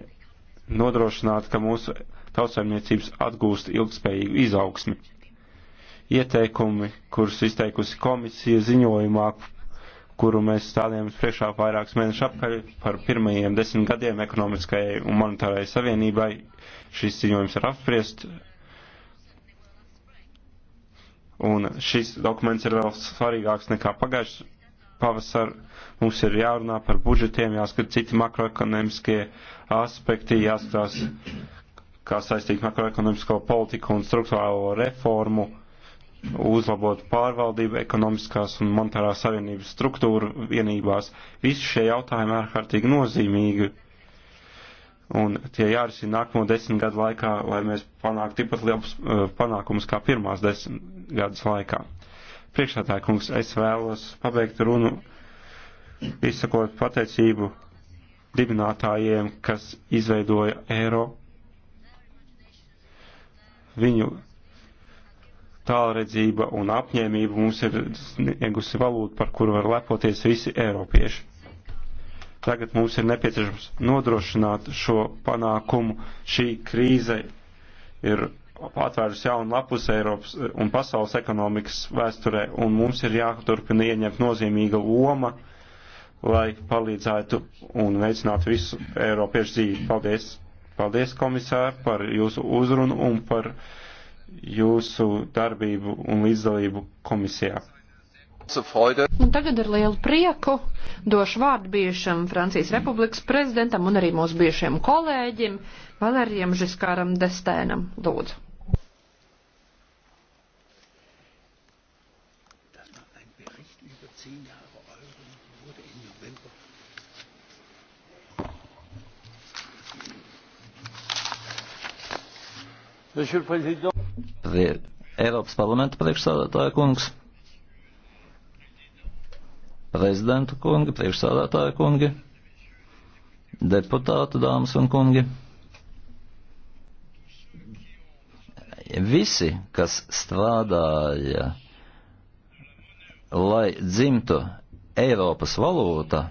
nodrošinātu, ka mūsu tautsēmniecības atgūst ilgspējīgu izaugsmi ieteikumi, kurus izteikusi komisija ziņojumā, kuru mēs stādījām priekšā vairākus mēnešus apkaļ par pirmajiem desmit gadiem ekonomiskajai un monetārai savienībai. Šis ziņojums ir apspriest. Un šis dokuments ir vēl svarīgāks nekā pagājušajā pavasar mums ir jārunā par budžetiem, jāskat citi makroekonomiskie aspekti, jāskatās, kā saistīt makroekonomisko politiku un struktūrālo reformu uzlabot pārvaldību ekonomiskās un monetārā savienības struktūru vienībās. Visi šie jautājumi ārkārtīgi nozīmīgi. Un tie jārisina nākamo desmit gadu laikā, lai mēs panāktu tikpat lielus eh, panākumus kā pirmās desmit gadus laikā. Priekšētāji kungs, es vēlos pabeigt runu, izsakot pateicību dibinātājiem, kas izveidoja eiro. Viņu tālredzība un apņēmība mums ir sniegusi valūtu, par kuru var lepoties visi eiropieši. Tagad mums ir nepieciešams nodrošināt šo panākumu. Šī krīze ir atvērus jaunu lapus Eiropas un pasaules ekonomikas vēsturē, un mums ir jāturpina ieņemt nozīmīga loma, lai palīdzētu un veicinātu visu Eiropiešu dzīvi. Paldies! Paldies, komisār, par jūsu uzrunu un par jūsu darbību un līdzdalību komisijā. Un tagad ar lielu prieku došu vārdu bijušam Francijas Republikas prezidentam un arī mūsu bijušiem kolēģim Valērijam Žiskāram Destēnam. Lūdzu. Monsieur le Président, Prie Eiropas parlamenta priekšsādātāja kungs, prezidentu kungi, priekšsādātāja kungi, deputātu dāmas un kungi. Visi, kas strādāja, lai dzimtu Eiropas valūta,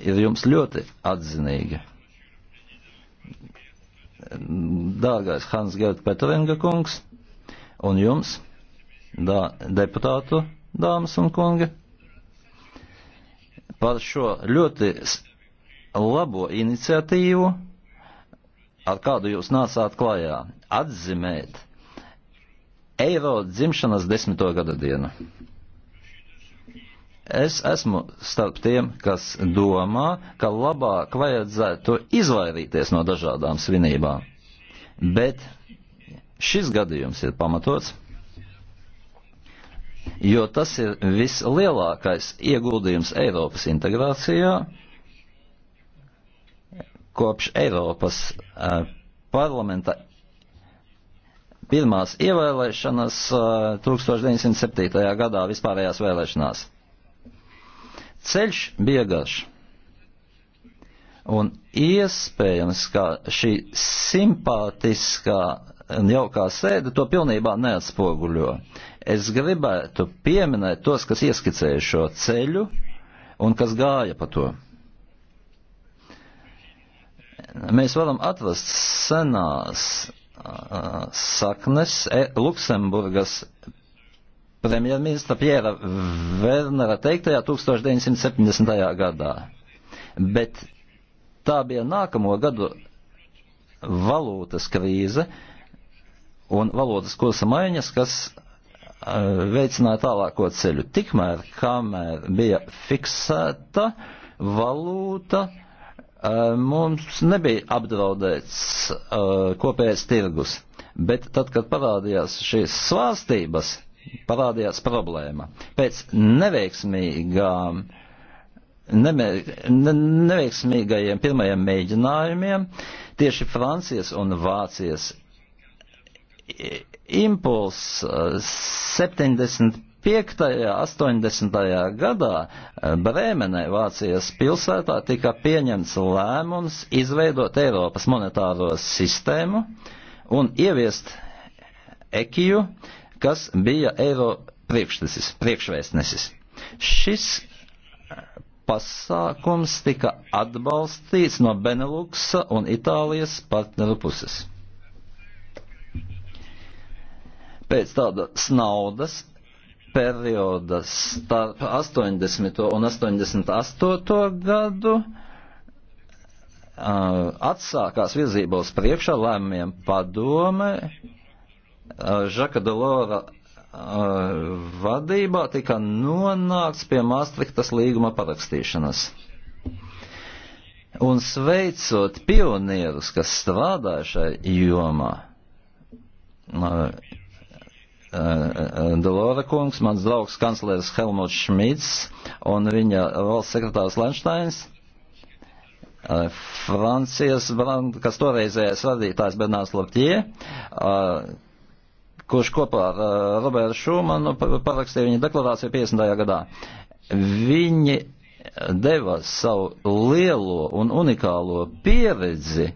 ir jums ļoti atzinīgi dārgais Hans Gerd Peteringa kungs, un jums, dā, deputātu dāmas un kungi, par šo ļoti labo iniciatīvu, ar kādu jūs nācāt klajā, atzīmēt eiro dzimšanas desmito gada dienu. Es esmu starp tiem, kas domā, ka labāk vajadzētu izvairīties no dažādām svinībām. Bet šis gadījums ir pamatots, jo tas ir vislielākais ieguldījums Eiropas integrācijā kopš Eiropas uh, parlamenta pirmās ievēlēšanas uh, eh, 1907. gadā vispārējās vēlēšanās. Ceļš bija garš. Un iespējams, ka šī simpātiskā un jaukā sēde to pilnībā neatspoguļo. Es gribētu pieminēt tos, kas ieskicēja šo ceļu un kas gāja pa to. Mēs varam atrast senās saknes e, Luksemburgas premjerministra Pjēra Vernera teiktajā 1970. gadā. Bet tā bija nākamo gadu valūtas krīze un valūtas kursa maiņas, kas eh, veicināja tālāko ceļu. Tikmēr, kamēr bija fiksēta valūta, eh, mums nebija apdraudēts eh, kopējais tirgus. Bet tad, kad parādījās šīs svārstības, parādījās problēma. Pēc neveiksmīgām Neme, ne, neveiksmīgajiem pirmajiem mēģinājumiem tieši Francijas un Vācijas impulss 75. 80. gadā Brēmenē, Vācijas pilsētā, tika pieņemts lēmums izveidot Eiropas monetāro sistēmu un ieviest ekiju, kas bija eiro priekšvēstnesis. Šis eh, pasākums tika atbalstīts no Beneluksa un Itālijas partneru puses. Pēc tādas naudas perioda starp 80. un 88. gadu eh, atsākās virzībos priekšā lēmumiem padome Eh, Žaka Delora eh, vadībā tika nonāks pie Maastrichtas līguma parakstīšanas. Un sveicot pionierus, kas strādāja šai jomā, eh, Delora kungs, mans draugs kanclers Helmuts Šmits un viņa valsts sekretārs Lenšteins, Francijas, kas toreizējais vadītājs Bernārs Laptie, kurš kopā ar eh, Robertu Šumanu parakstīja viņa deklarāciju 50. gadā. Viņi deva savu lielo un unikālo pieredzi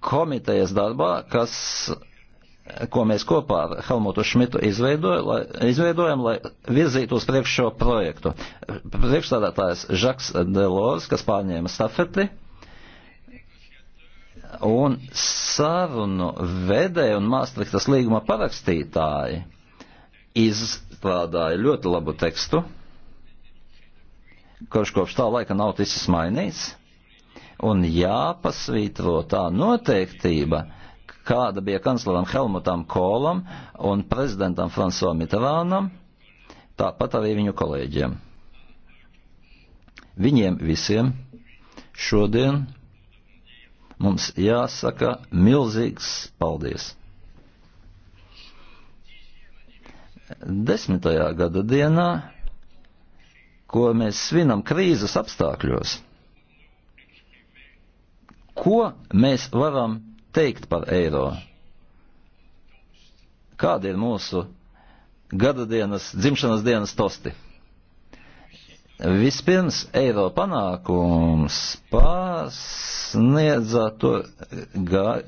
komitejas darbā, kas, ko mēs kopā ar Helmutu Šmitu izveidojam, lai, izveidojam, lai virzītu uz priekšu šo projektu. Priekšstādātājs Žaks Delors, kas pārņēma stafeti, un sarunu vedēji un Māstrihtas līguma parakstītāji izstrādāja ļoti labu tekstu, kurš kopš tā laika nav ticis mainīts, un jāpasvītro tā noteiktība, kāda bija kancleram Helmutam Kolam un prezidentam Franso Mitterānam, tāpat arī viņu kolēģiem. Viņiem visiem šodien mums jāsaka milzīgs paldies. Desmitajā gada dienā, ko mēs svinam krīzes apstākļos, ko mēs varam teikt par eiro? Kādi ir mūsu gada dienas, dzimšanas dienas tosti? Vispirms eiro panākums pārsniedza to ga,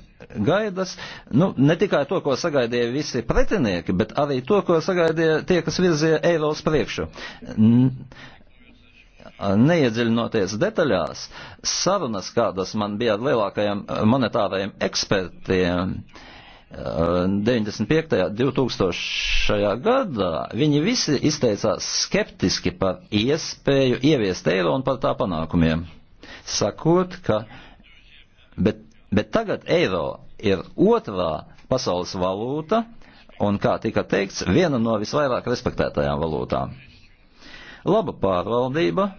gaidas, nu, ne tikai to, ko sagaidīja visi pretinieki, bet arī to, ko sagaidīja tie, kas virzīja eiro uz priekšu. Neiedziļinoties detaļās, sarunas, kādas man bija ar lielākajiem monetārajiem ekspertiem, uh, 95. 2000. gadā viņi visi izteicās skeptiski par iespēju ieviest eiro un par tā panākumiem, sakot, ka, bet, bet tagad eiro ir otrā pasaules valūta un, kā tika teikts, viena no visvairāk respektētajām valūtām. Laba pārvaldība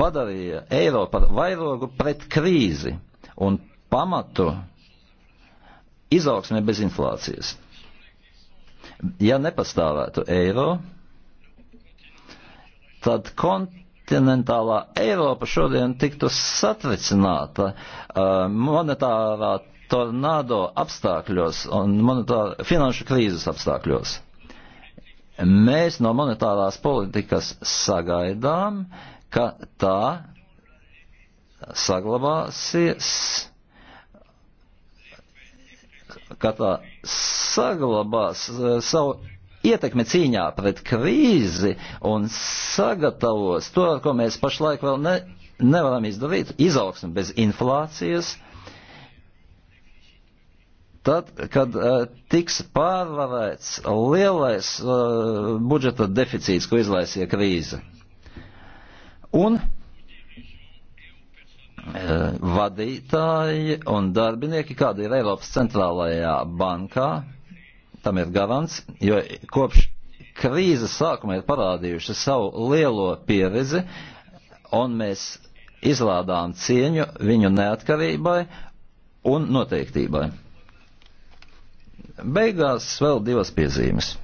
padarīja eiro par vairogu pret krīzi un pamatu izaugsmē bez inflācijas. Ja nepastāvētu eiro, tad kontinentālā Eiropa šodien tiktu satvecināta uh, monetārā tornado apstākļos un monetāra, finanšu krīzes apstākļos. Mēs no monetārās politikas sagaidām, ka tā saglabāsies ka tā saglabās eh, savu ietekmi cīņā pret krīzi un sagatavos to, ar ko mēs pašlaik vēl ne, nevaram izdarīt, izaugsmi bez inflācijas, tad, kad uh, tiks pārvarēts lielais uh, budžeta deficīts, ko izlaisīja krīze. Un Eh, vadītāji un darbinieki, kāda ir Eiropas centrālajā bankā, tam ir garants, jo kopš krīzes sākuma ir parādījuši savu lielo pieredzi, un mēs izrādām cieņu viņu neatkarībai un noteiktībai. Beigās vēl divas piezīmes.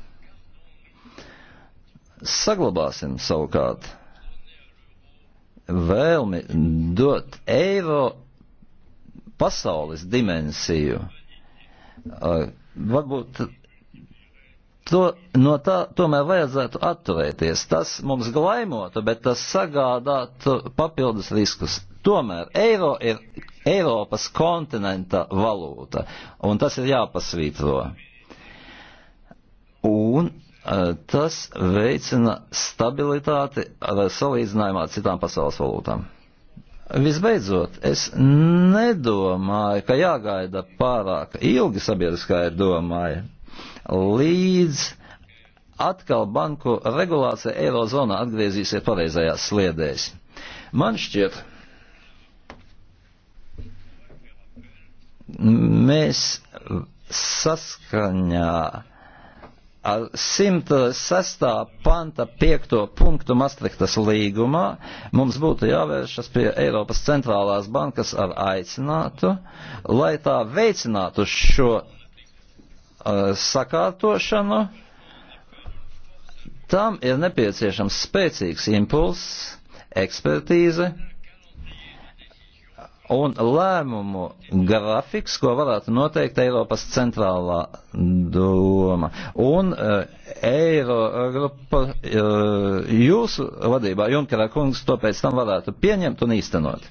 Saglabāsim savukārt vēlmi dot eiro pasaules dimensiju. Varbūt to, no tā tomēr vajadzētu atturēties. Tas mums glaimotu, bet tas sagādātu papildus riskus. Tomēr eiro ir Eiropas kontinenta valūta, un tas ir jāpasvītro. Un Tas veicina stabilitāti salīdzinājumā ar citām pasaules valūtām. Visbeidzot, es nedomāju, ka jāgaida pārāk ilgi sabiedriskā ir domāja, līdz atkal banku regulācija Eirozonā atgriezīsies pareizajās sliedēs. Man šķiet, mēs saskaņā ar 106. panta 5. punktu Mastrihtas līgumā mums būtu jāvēršas pie Eiropas centrālās bankas ar aicinātu, lai tā veicinātu šo uh, sakārtošanu. Tam ir nepieciešams spēcīgs impulss, ekspertīze, un lēmumu grafiks, ko varētu noteikt Eiropas centrālā doma. Un uh, Eirogrupa uh, jūsu vadībā, Junkerā kungs, to pēc tam varētu pieņemt un īstenot.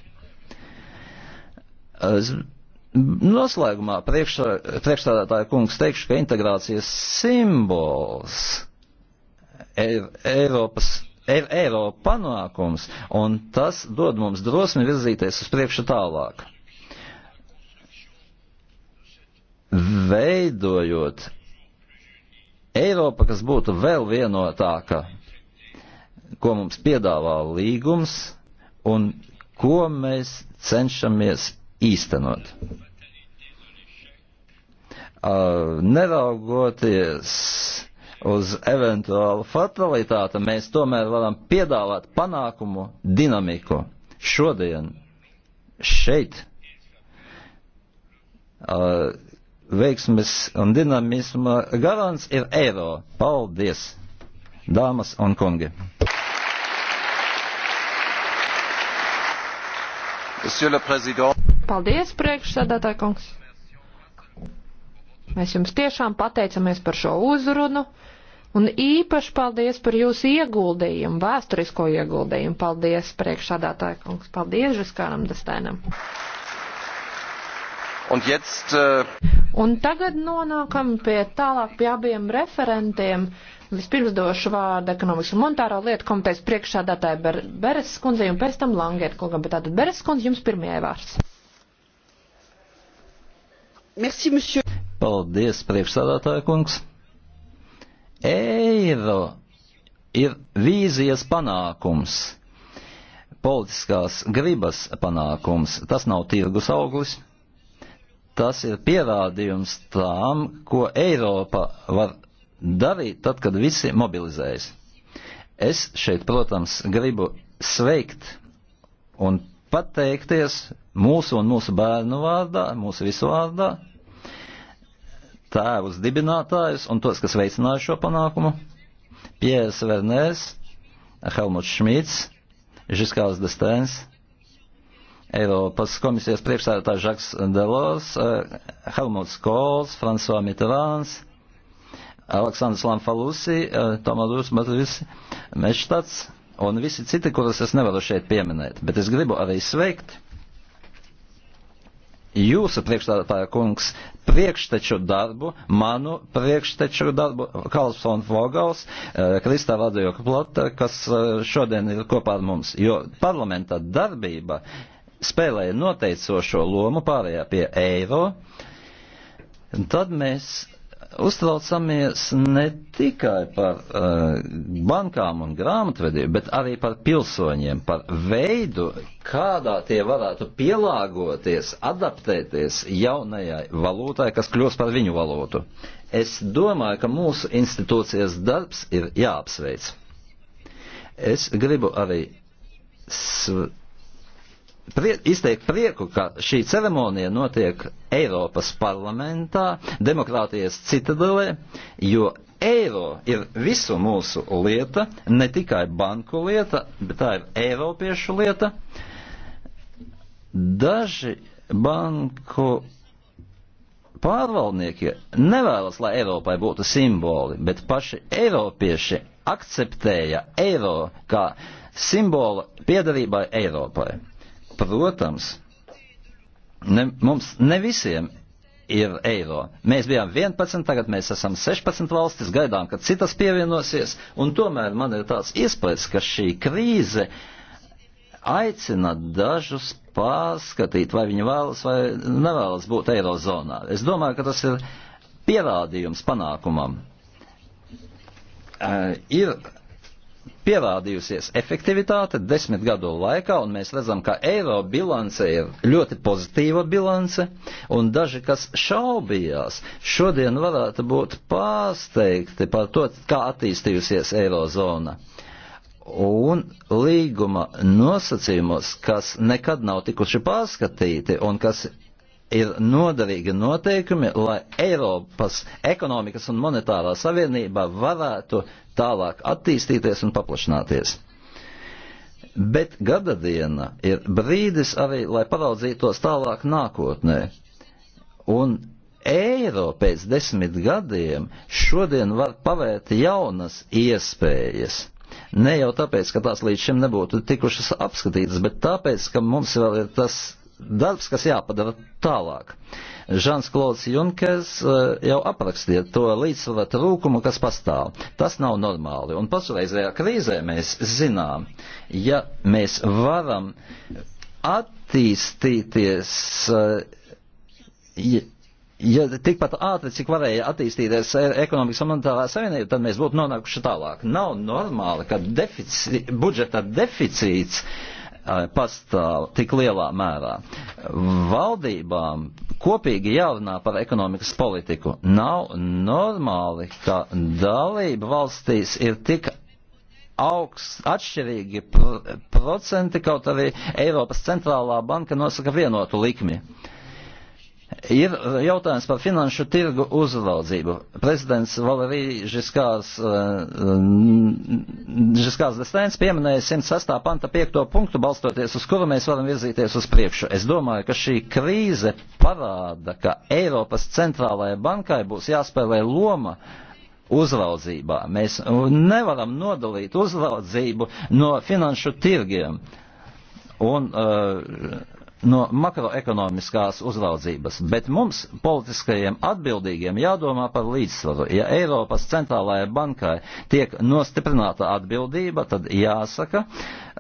Es, noslēgumā priekšstādātāja kungs teikšu, ka integrācijas simbols Ei Eiropas ir Eiropa panākums, un tas dod mums drosmi virzīties uz priekšu tālāk. Veidojot Eiropa, kas būtu vēl vienotāka, ko mums piedāvā līgums un ko mēs cenšamies īstenot. Uh, neraugoties uz eventuālu fatalitāti, mēs tomēr varam piedāvāt panākumu dinamiku šodien, šeit. Uh, veiksmes un dinamisma garants ir eiro. Paldies, dāmas un kungi! Paldies, priekšsēdētāji kungs! Mēs jums tiešām pateicamies par šo uzrunu. Un īpaši paldies par jūsu ieguldījumu, vēsturisko ieguldījumu. Paldies, priekšsādātāja kungs. Paldies, Žiskāram Destēnam. Un, jetzt, uh... Un tagad nonākam pie tālāk pie abiem referentiem. Vispirms došu vārdu ekonomikas un monetāro lietu komitejas priekšsādātāja Ber Beres skundzei un pēc tam Langēt kungam. Bet tātad Beres skundze jums pirmajai vārds. Merci, monsieur. Paldies, priekšsādātāja kungs. Eiro ir vīzijas panākums, politiskās gribas panākums. Tas nav tirgus auglis. Tas ir pierādījums tām, ko Eiropa var darīt tad, kad visi mobilizējas. Es šeit, protams, gribu sveikt un pateikties mūsu un mūsu bērnu vārdā, mūsu visu vārdā, tēvus dibinātājus un tos, kas veicināja šo panākumu, Piers Vernēs, Helmuts Šmīts, Žiskāls Destēns, Eiropas komisijas priekšsēdētājs Žaks Delors, eh, Helmuts Kols, François Mitterāns, Aleksandrs Lamfalusi, eh, Tomadurs Matris Meštats, un visi citi, kurus es nevaru šeit pieminēt, bet es gribu arī sveikt jūsu priekšstādātāja kungs priekšteču darbu, manu priekšteču darbu, Karlsson Vogals, eh, Kristā Vadojoka Plota, kas eh, šodien ir kopā ar mums, jo parlamenta darbība spēlēja noteicošo lomu pārējā pie eiro, tad mēs uztraucamies ne tikai par uh, bankām un grāmatvedību, bet arī par pilsoņiem, par veidu, kādā tie varētu pielāgoties, adaptēties jaunajai valūtai, kas kļūs par viņu valūtu. Es domāju, ka mūsu institūcijas darbs ir jāapsveic. Es gribu arī sv prie, izteikt prieku, ka šī ceremonija notiek Eiropas parlamentā, demokrātijas citadelē, jo eiro ir visu mūsu lieta, ne tikai banku lieta, bet tā ir eiropiešu lieta. Daži banku pārvaldnieki nevēlas, lai Eiropai būtu simboli, bet paši eiropieši akceptēja eiro kā simbolu piedarībai Eiropai. Protams, ne, mums ne visiem ir eiro. Mēs bijām 11, tagad mēs esam 16 valstis, gaidām, ka citas pievienosies, un tomēr man ir tāds iespējas, ka šī krīze aicina dažus pārskatīt, vai viņi vēlas vai nevēlas būt eirozonā. Es domāju, ka tas ir pierādījums panākumam. Uh, ir pievādījusies efektivitāte desmit gadu laikā, un mēs redzam, ka eiro bilance ir ļoti pozitīva bilance, un daži, kas šaubījās, šodien varētu būt pārsteigti par to, kā attīstījusies eirozona un līguma nosacījumos, kas nekad nav tikuši pārskatīti un kas ir noderīgi noteikumi, lai Eiropas ekonomikas un monetārā savienība varētu tālāk attīstīties un paplašināties. Bet gada diena ir brīdis arī, lai paraudzītos tālāk nākotnē. Un eiro pēc desmit gadiem šodien var pavērt jaunas iespējas. Ne jau tāpēc, ka tās līdz šim nebūtu tikušas apskatītas, bet tāpēc, ka mums vēl ir tas darbs, kas jāpadara tālāk. Žans Klauds Junkers e, jau aprakstīja to līdzsvaru trūkumu, kas pastāv. Tas nav normāli. Un pašreizējā krīzē mēs zinām, ja mēs varam attīstīties. E, ja, ja tikpat ātri, cik varēja attīstīties e, ekonomikas un monetārā savienība, tad mēs būtu nonākuši tālāk. Nav normāli, ka defici, budžeta deficīts uh, pastāv tik lielā mērā. Valdībām kopīgi jārunā par ekonomikas politiku. Nav normāli, ka dalība valstīs ir tik augsts atšķirīgi pr procenti, kaut arī Eiropas centrālā banka nosaka vienotu likmi. Uh, Ir jautājums par finanšu tirgu uzraudzību. Prezidents Valerijas Žiskārs, eh, Žiskārs Destēns pieminēja 106. panta 5. punktu, balstoties uz kuru mēs varam virzīties uz priekšu. Es domāju, ka šī krīze parāda, ka Eiropas centrālajai bankai būs jāspēlē loma uzraudzībā. Mēs nevaram nodalīt uzraudzību no finanšu tirgiem. Un, uh, no makroekonomiskās uzraudzības, bet mums, politiskajiem atbildīgiem, jādomā par līdzsvaru. Ja Eiropas centrālajai bankai tiek nostiprināta atbildība, tad jāsaka,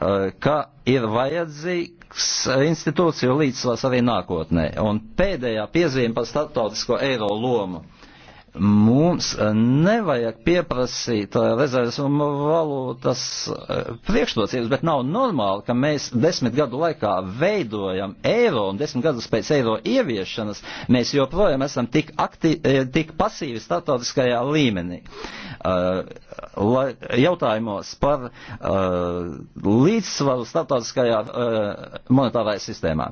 eh, ka ir vajadzīgs institūciju līdzsvars arī nākotnē. Un pēdējā piezīme par starptautisko eiro lomu. Mums eh, nevajag pieprasīt eh, rezerves un valūtas eh, priekšrocības, bet nav normāli, ka mēs desmit gadu laikā veidojam eiro un desmit gadus pēc eiro ieviešanas mēs joprojām esam tik, akti, tik pasīvi startautiskajā līmenī. La, jautājumos par uh, līdzsvaru starptautiskajā uh, monetārajā sistēmā.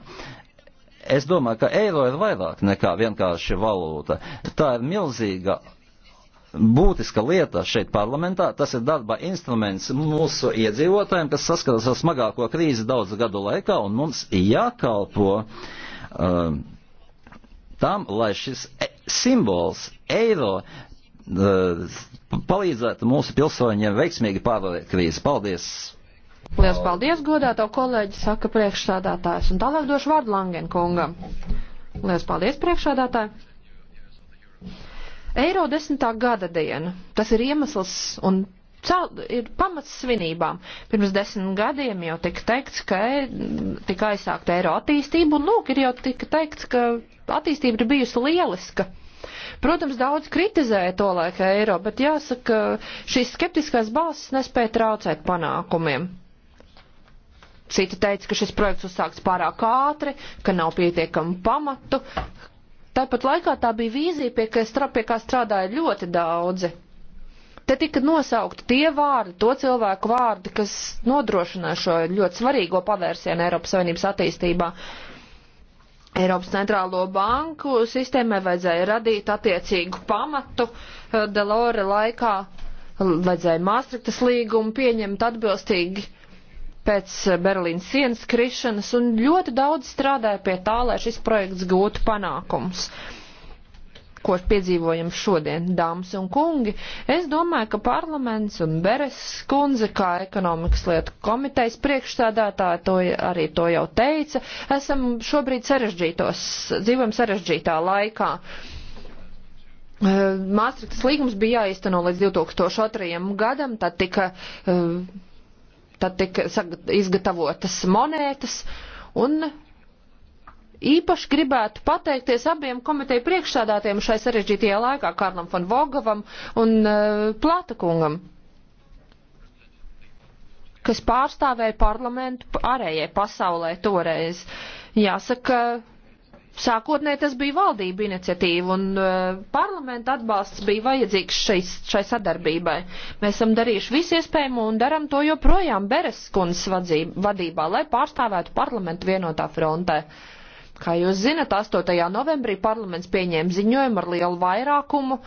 Es domāju, ka eiro ir vairāk nekā vienkārši valūta. Tā ir milzīga būtiska lieta šeit parlamentā, tas ir darba instruments mūsu iedzīvotājiem, kas saskaras ar smagāko krīzi daudzu gadu laikā, un mums jākalpo uh, tam, lai šis e simbols, eiro, uh, palīdzētu mūsu pilsoņiem veiksmīgi pārvarēt krīzi. Paldies! Lielas paldies, godāto kolēģi, saka priekšsādātājs. Un tālāk došu vārdu Langen kungam. Lielas paldies, priekšsādātāji. Eiro desmitā gada diena. Tas ir iemesls un cel, ir pamats svinībām. Pirms desmit gadiem jau tika teikts, ka tika aizsākta eiro attīstība, un lūk, ir jau tika teikts, ka attīstība ir bijusi lieliska. Protams, daudz kritizēja to laiku eiro, bet jāsaka, šīs skeptiskās balsis nespēja traucēt panākumiem. Citi teica, ka šis projekts uzsākts pārāk ātri, ka nav pietiekama pamatu. Tāpat laikā tā bija vīzija, pie, strā, pie kā strādāja ļoti daudzi. Te tika nosaukti tie vārdi, to cilvēku vārdi, kas nodrošināja šo ļoti svarīgo pavērsienu Eiropas Savienības attīstībā. Eiropas centrālo banku sistēmai vajadzēja radīt attiecīgu pamatu eh, Delore laikā, vajadzēja Māstriktas līgumu pieņemt atbilstīgi pēc Berlīnas sienas krišanas un ļoti daudz strādāja pie tā, lai šis projekts gūtu panākums ko piedzīvojam šodien, dāmas un kungi, es domāju, ka parlaments un Beres kundze, kā ekonomikas lietu komitejas priekšstādātāja, to arī to jau teica, esam šobrīd sarežģītos, dzīvojam sarežģītā laikā. Eh, Māstriktas līgums bija jāizteno līdz 2002. gadam, tad tika uh, tad tika izgatavotas monētas, un īpaši gribētu pateikties abiem komiteju priekšsādātiem šai sarežģītajā laikā Karlam von Vogavam un uh, eh, Plātakungam kas pārstāvēja parlamentu arējai pasaulē toreiz. Jāsaka, Sākotnēji tas bija valdība iniciatīva un uh, parlamenta atbalsts bija vajadzīgs šai, šai sadarbībai. Mēs esam darījuši visu iespējamo un daram to joprojām Beres kundas vadībā, lai pārstāvētu parlamentu vienotā frontē. Kā jūs zinat, 8. novembrī parlaments pieņēma ziņojumu ar lielu vairākumu,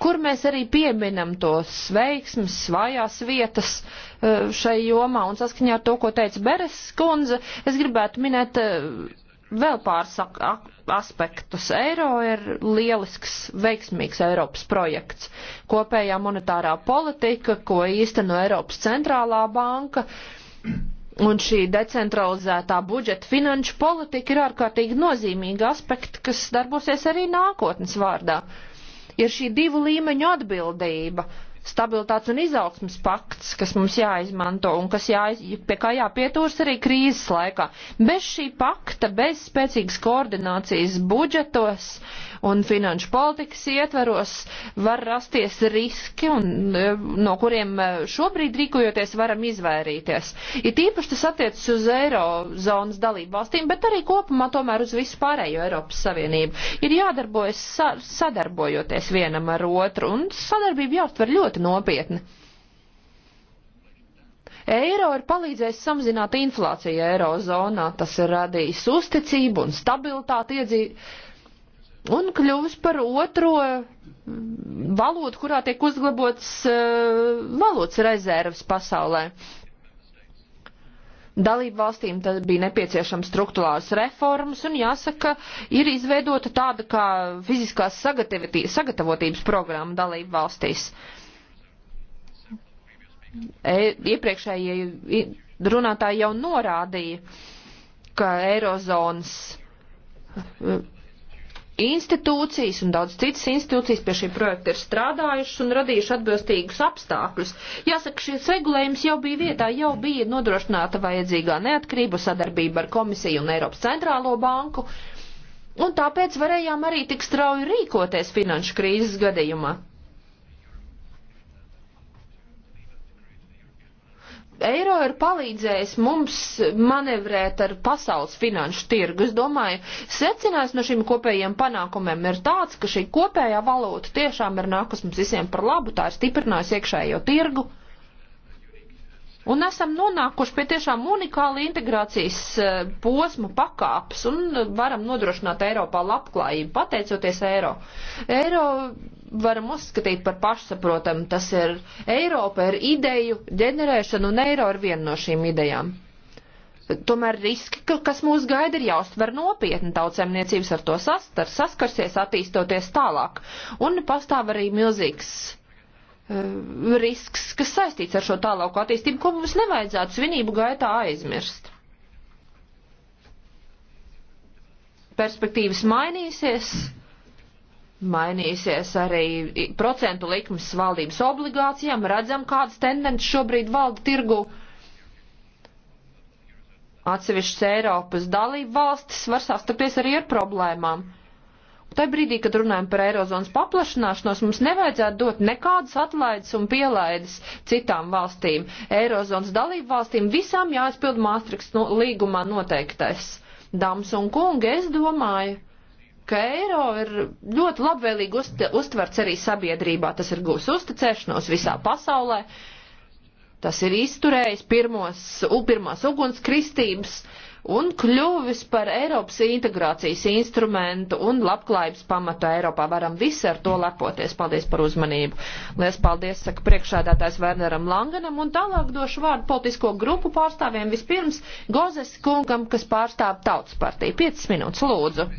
kur mēs arī pieminam tos sveiksmes, svājās vietas uh, šai jomā un saskaņā ar to, ko teica Beres kundze, es gribētu minēt. Uh, vēl pāris aspektus. Eiro ir lielisks, veiksmīgs Eiropas projekts. Kopējā monetārā politika, ko īsteno Eiropas centrālā banka, un šī decentralizētā budžeta finanšu politika ir ārkārtīgi nozīmīga aspekta, kas darbosies arī nākotnes vārdā. Ir šī divu līmeņu atbildība stabilitātes un izaugsmas pakts, kas mums jāizmanto un kas jāiz, pie kā jāpietūrs arī krīzes laikā. Bez šī pakta, bez spēcīgas koordinācijas budžetos un finanšu politikas ietveros var rasties riski, un, e, no kuriem e, šobrīd rīkojoties varam izvairīties. Ir tīpaši tas attiecas uz eirozonas dalību valstīm, bet arī kopumā tomēr uz visu pārējo Eiropas Savienību. Ir jādarbojas sa sadarbojoties vienam ar otru, un sadarbību jāuztver ļoti nopietni. Eiro ir palīdzējis samazināt inflāciju Eirozonā, tas ir radījis uzticību un stabilitāti iedzīvotājiem un kļuvis par otro valūtu, kurā tiek uzglabots eh, valūtas rezerves pasaulē. Dalību valstīm tad bija nepieciešams struktūrāls reformas un jāsaka, ir izveidota tāda kā fiziskās sagatavotības programma dalību valstīs. E, iepriekšējie runātāji jau norādīja, ka Eirozonas institūcijas un daudz citas institūcijas pie šī projekta ir strādājušas un radījuši atbilstīgus apstākļus. Jāsaka, šis regulējums jau bija vietā, jau bija nodrošināta vajadzīgā neatkarība sadarbība ar komisiju un Eiropas centrālo banku, un tāpēc varējām arī tik strauji rīkoties finanšu krīzes gadījumā. Eiro ir palīdzējis mums manevrēt ar pasaules finanšu tirgu. Es domāju, secinājums no šīm kopējiem panākumiem ir tāds, ka šī kopējā valūta tiešām ir nākus mums visiem par labu, tā ir stiprinājusi iekšējo tirgu. Un esam nonākuši pie tiešām unikāla integrācijas eh, posma pakāpes un eh, varam nodrošināt Eiropā labklājību pateicoties Eiro. Eiro varam uzskatīt par pašsaprotamu. Tas ir Eiropa ar ideju ģenerēšanu, un eiro ir viena no šīm idejām. Tomēr riski, kas mūs gaida, ir jāuztver nopietni. Tautsēmniecības ar to sastar, saskarsies, attīstoties tālāk. Un pastāv arī milzīgs uh, risks, kas saistīts ar šo tālāko attīstību, ko mums nevajadzētu svinību gaitā aizmirst. Perspektīvas mainīsies. Mm Mainīsies arī procentu likmes valdības obligācijām. Redzam, kādas tendences šobrīd valda tirgu. Atsevišķas Eiropas dalību valstis var sastapties arī ar problēmām. Tā brīdī, kad runājam par eirozonas paplašanāšanos, mums nevajadzētu dot nekādas atlaides un pielaides citām valstīm. Eirozonas dalību valstīm visām jāizpild Māstriks no nu, līgumā noteiktais. Dāmas un kungi, es domāju, ka eiro ir ļoti labvēlīgi uzt, uztverts arī sabiedrībā. Tas ir gūs uzticēšanos visā pasaulē. Tas ir izturējis pirmos, pirmās ugunskristības un kļuvis par Eiropas integrācijas instrumentu un labklājības pamatu Eiropā. Varam visi ar to lepoties. Paldies par uzmanību. Lies paldies, saka priekšādātājs Werneram Langanam, un tālāk došu vārdu politisko grupu pārstāvjiem vispirms Gozes kungam, kas pārstāv Tautas partiju. 5 minūtes, lūdzu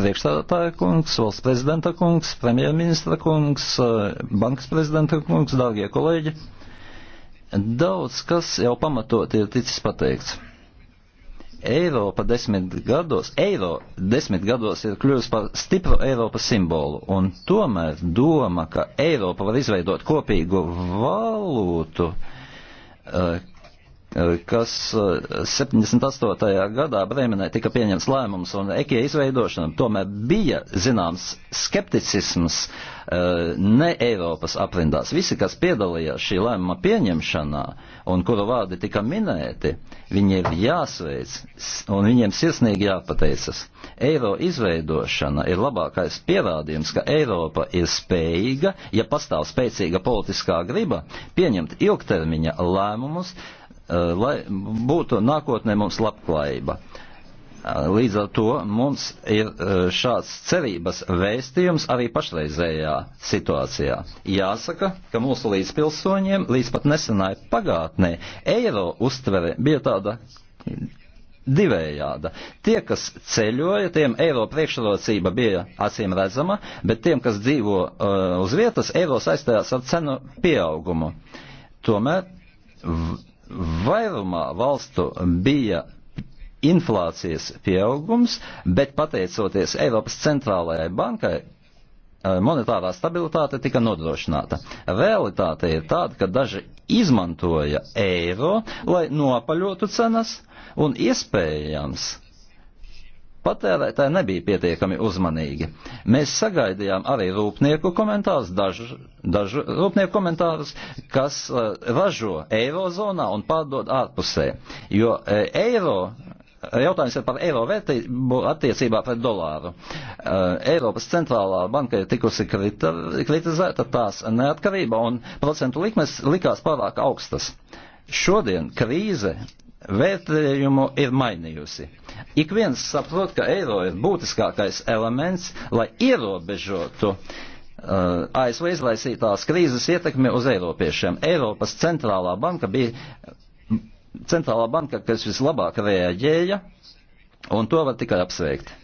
priekšstādātāja kungs, valsts prezidenta kungs, premjerministra kungs, eh, bankas prezidenta kungs, dārgie kolēģi. Daudz kas jau pamatot ir ticis pateikts. Eiropa desmit gados, eiro desmit gados ir kļuvusi par stipru Eiropas simbolu, un tomēr doma, ka Eiropa var izveidot kopīgu valūtu, eh, Eh, kas 78. Eh, gadā Brēmenē tika pieņemts lēmums un ekie izveidošana, tomēr bija zināms skepticisms eh, ne Eiropas aprindās. Visi, kas piedalījās šī lēmuma pieņemšanā un kuru vārdi tika minēti, viņiem jāsveic un viņiem sirsnīgi jāpateicas. Eiro izveidošana ir labākais pierādījums, ka Eiropa ir spējīga, ja pastāv spēcīga politiskā griba, pieņemt ilgtermiņa lēmumus, Eh, lai būtu nākotnē mums labklājība. Eh, līdz ar to mums ir eh, šāds cerības vēstījums arī pašreizējā situācijā. Jāsaka, ka mūsu līdzpilsoņiem līdz pat nesenai pagātnē eiro uztvere bija tāda divējāda. Tie, kas ceļoja, tiem eiro priekšrocība bija acīm redzama, bet tiem, kas dzīvo uh, uz vietas, eiro saistījās ar cenu pieaugumu. Tomēr vairumā valstu bija inflācijas pieaugums, bet pateicoties Eiropas centrālajai bankai, eh, monetārā stabilitāte tika nodrošināta. Realitāte ir tāda, ka daži izmantoja eiro, lai nopaļotu cenas un iespējams Patērētāji nebija pietiekami uzmanīgi. Mēs sagaidījām arī rūpnieku komentārus, dažu, dažu rūpnieku komentārus, kas uh, ražo eirozonā un pārdod ārpusē. Jo uh, eiro Jautājums ir par eiro vērtību attiecībā pret dolāru. Eh, Eiropas centrālā banka ir tikusi krita, kritizēta tās neatkarība un procentu likmes likās pārāk augstas. Šodien krīze vērtējumu ir mainījusi. Ik viens saprot, ka eiro ir būtiskākais elements, lai ierobežotu uh, ASV izraisītās krīzes ietekmi uz eiropiešiem. Eiropas centrālā banka bija centrālā banka, kas vislabāk reaģēja, un to var tikai apsveikt.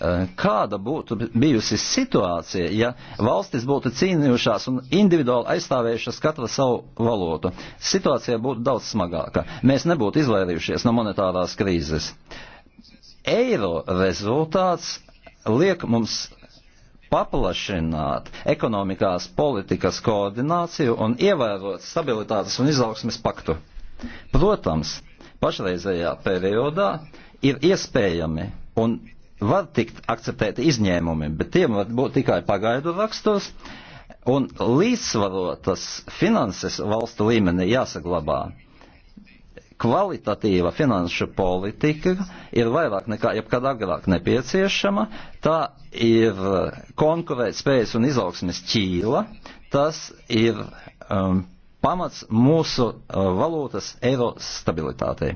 Eh, kāda būtu bijusi situācija, ja valstis būtu cīnījušās un individuāli aizstāvējušas katra savu valotu. Situācija būtu daudz smagāka. Mēs nebūtu izvairījušies no monetārās krīzes. Eiro rezultāts liek mums paplašināt ekonomikās politikas koordināciju un ievērot stabilitātes un izaugsmes paktu. Protams, pašreizējā periodā ir iespējami un var tikt akceptēti izņēmumi, bet tiem var būt tikai pagaidu raksturs, un līdzsvarotas finanses valstu līmenī jāsaglabā. Kvalitatīva finanšu politika ir vairāk nekā jebkad agrāk nepieciešama, tā ir konkurētspējas un izaugsmes ķīla, tas ir um, pamats mūsu uh, valūtas eiro stabilitātei.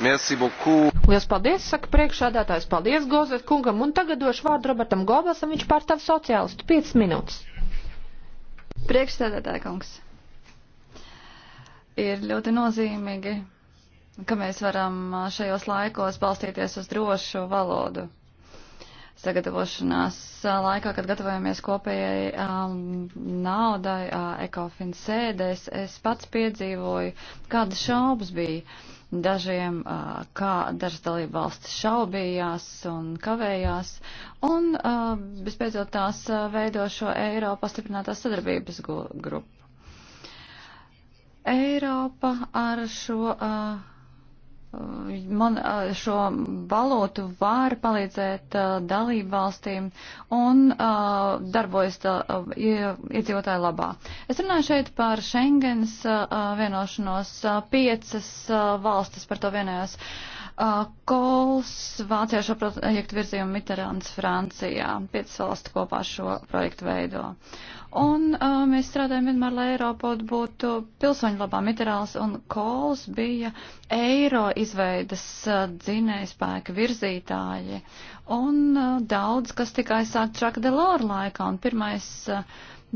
Merci beaucoup. Lielas paldies, saka priekšādātājs. Paldies, Gozes kungam. Un tagad došu vārdu Robertam Gobasam, viņš pārstāv sociālistu. 5 minūtes. Priekšsēdētāja kungs. Ir ļoti nozīmīgi, ka mēs varam šajos laikos balstīties uz drošu valodu sagatavošanās laikā, kad gatavojamies kopējai um, naudai, uh, ekofin sēdēs, es pats piedzīvoju, kādas šaubas bija Dažiem, kā dažas dalība valstis šaubījās un kavējās, un vispēcot tās veido šo Eiropas stiprinātās sadarbības grupu. Eiropa ar šo uh, man, šo valūtu var palīdzēt dalību valstīm un darbojas iedzīvotāju labā. Es runāju šeit par Schengens vienošanos. Piecas valstis par to vienojās. Kols, Vācijā šo projektu virzīja Mitterāns Francijā. Piecas valsts kopā šo projektu veido. Un uh, mēs strādājam vienmēr, lai Eiropa būtu pilsoņu labā. Mitrāls un Kols bija eiro izveidas uh, dzinēja spēka virzītāji. Un uh, daudz, kas tika aizsākt Čaka Delora laikā. Un pirmais uh,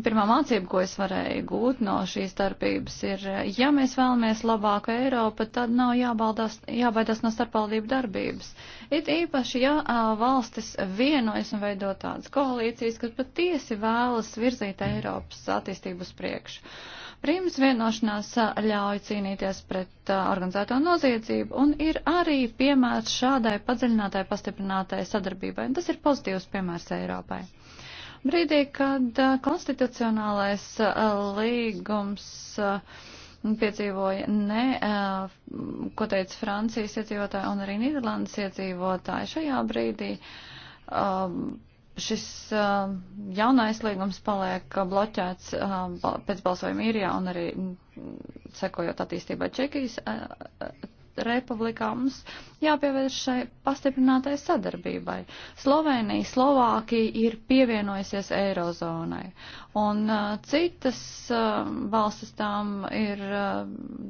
Pirmā mācība, ko es varēju gūt no šīs starpības, ir, ja mēs vēlamies labāku Eiropu, tad nav jābaldās, jābaidās no starpvaldību darbības. It īpaši, ja valstis vienojas un veido tādas koalīcijas, kas patiesi vēlas virzīt Eiropas attīstību uz priekšu. Prīmas vienošanās ļauj cīnīties pret organizēto noziedzību un ir arī piemērs šādai padziļinātai, pastiprinātai sadarbībai. Un tas ir pozitīvs piemērs Eiropai. Brīdī, kad uh, konstitucionālais uh, līgums uh, piedzīvoja ne, ko teica Francijas iedzīvotāji un arī Nīderlandes iedzīvotāji, šajā brīdī um, šis um, jaunais līgums paliek bloķēts um, pēc balsojuma īrijā un arī mm, sekojot attīstībai Čekijas republikā. Mums jāpievērš šai pastiprinātai sadarbībai. Slovenija, Slovākija ir pievienojusies Eirozonai, un uh, citas uh, valstis tām ir uh,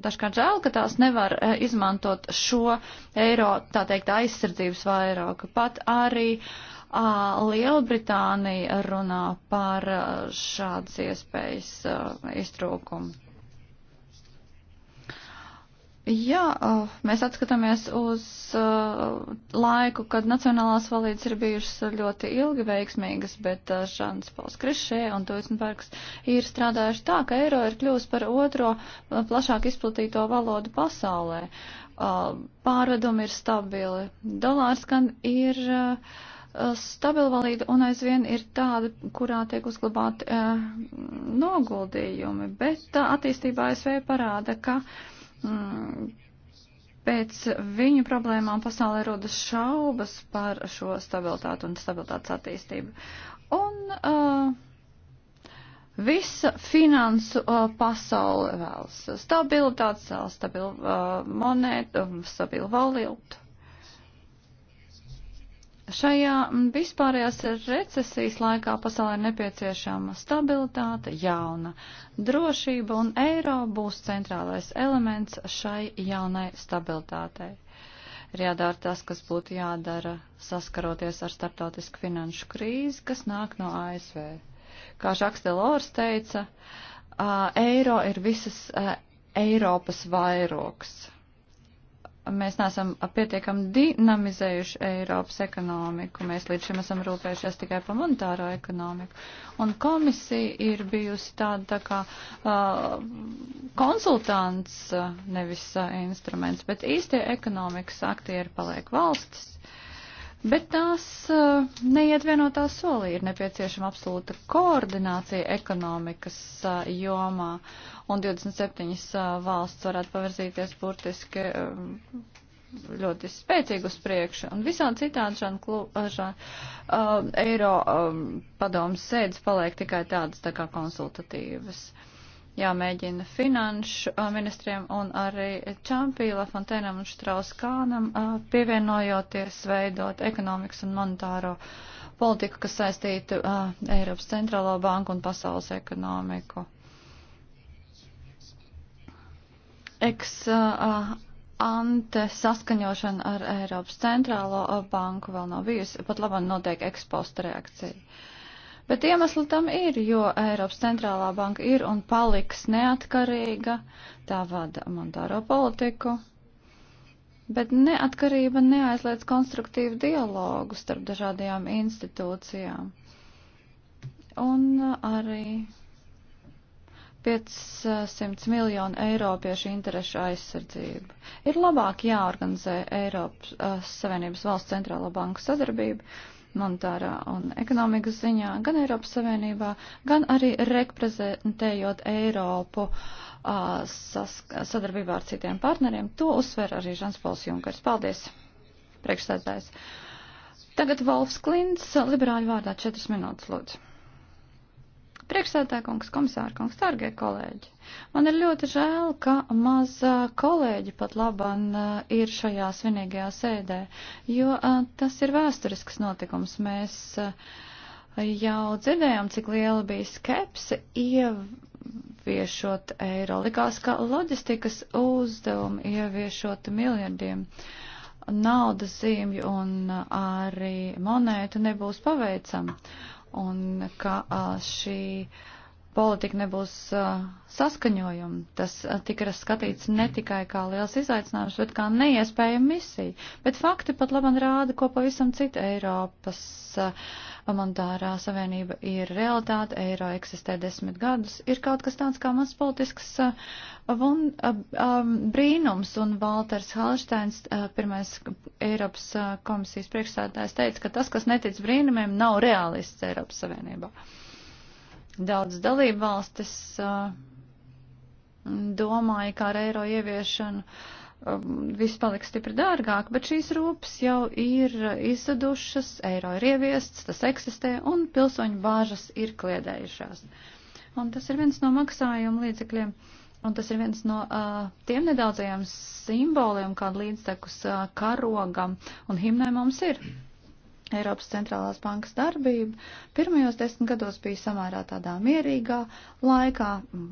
dažkārt žēl, ka tās nevar uh, izmantot šo eiro, tā teikt, aizsardzības vairāk. Pat arī uh, Lielbritānija runā par uh, šādas iespējas uh, iztrūkumu. Jā, eh, mēs atskatāmies uz eh, laiku, kad nacionālās valīdes ir bijušas ļoti ilgi veiksmīgas, bet eh, Žants Pauls Krišē un Tuisnbergs ir strādājuši tā, ka eiro ir kļūst par otro plašāk izplatīto valodu pasaulē. Pārvedumi ir stabili. Dolārs gan ir stabila valīda un aizvien ir tāda, kurā tiek uzglabāti noguldījumi, bet attīstībā ASV parāda, ka Mm. Pēc viņu problēmām pasaulē rodas šaubas par šo stabilitātu un stabilitātes attīstību. Un uh, visa finansu uh, pasaule vēlas stabilitāti, stabilu uh, monētu, um, stabilu valūtu. Šajā vispārējās recesijas laikā pasaulē ir nepieciešama stabilitāte, jauna drošība un eiro būs centrālais elements šai jaunai stabilitātei. Ir jādara tas, kas būtu jādara saskaroties ar starptautisku finanšu krīzi, kas nāk no ASV. Kā Žaks Delors teica, eiro ir visas Eiropas vairoks mēs neesam pietiekami dinamizējuši Eiropas ekonomiku. Mēs līdz šim esam rūpējušies tikai par monetāro ekonomiku. Un komisija ir bijusi tāda tā kā uh, konsultants, nevis uh, instruments, bet īstie ekonomikas aktieri paliek valstis. Uh, Bet tās uh, neiet vienotā solī. Ir nepieciešama absolūta koordinācija ekonomikas uh, jomā, un 27 uh, eh, valsts varētu pavirzīties burtiski ļoti spēcīgi uz priekšu. Un visādi citādi šādi uh, eiro um, padomas sēdes paliek tikai tādas tā kā konsultatīvas. Uh, jāmēģina finanšu ministriem un arī Čampīla, Fontēnam un Štrauskānam pievienojoties veidot ekonomikas un monetāro politiku, kas saistītu Eiropas centrālo banku un pasaules ekonomiku. Eks ante saskaņošana ar Eiropas centrālo banku vēl nav bijusi, pat labāk notiek eksposta reakcija. Uh, Bet iemesli tam ir, jo Eiropas centrālā banka ir un paliks neatkarīga, tā vada monetāro politiku. Bet neatkarība neaizliedz konstruktīvu dialogu starp dažādajām institūcijām. Un arī 500 miljonu eiropiešu interešu aizsardzība. Ir labāk jāorganizē Eiropas uh, Savienības valsts centrālo banku sadarbība monetārā un ekonomikas ziņā, gan Eiropas Savienībā, gan arī reprezentējot Eiropu a, sas, sadarbībā ar citiem partneriem. To uzsver arī Žans Pols Junkers. Paldies, priekšsēdājs. Tagad Volfs Klints, liberāļu vārdā, četras minūtes, lūdzu. Priekšsēdētāja kungs, komisāra kungs, dārgie kolēģi, man ir ļoti žēl, ka maz kolēģi pat laban ir šajā svinīgajā sēdē, jo tas ir vēsturisks notikums. Mēs jau dzirdējām, cik liela bija skepse ieviešot eiro. Likās, ka loģistikas uzdevumi ieviešot miljardiem naudas zīmju un arī monētu nebūs paveicama un ka šī politika nebūs uh, saskaņojuma. Tas uh, tika skatīts ne tikai kā liels izaicinājums, bet kā neiespējama misija. Bet fakti pat labam rāda, ko pavisam cita Eiropas uh, monetārā savienība ir realitāte, eiro eksistē desmit gadus, ir kaut kas tāds kā mans politisks uh, un, uh, um, brīnums, un Valters Halsteins, uh, pirmais Eiropas uh, komisijas priekšsādātājs, teica, ka tas, kas netic brīnumiem, nav realists Eiropas Savienībā. Uh, Daudz dalību valstis uh, domāja, kā ar eiro ieviešanu um, viss paliks stipri dārgāk, bet šīs rūpes jau ir izzadušas, eiro ir ieviests, tas eksistē un pilsoņu bāžas ir kliedējušās. Un tas ir viens no maksājuma līdzekļiem, un tas ir viens no uh, tiem nedaudzajiem simboliem, kāda līdztekus uh, karogam un himnai mums ir. Mm. Eiropas centrālās bankas darbība pirmajos desmit gados bija samērā tādā mierīgā laikā,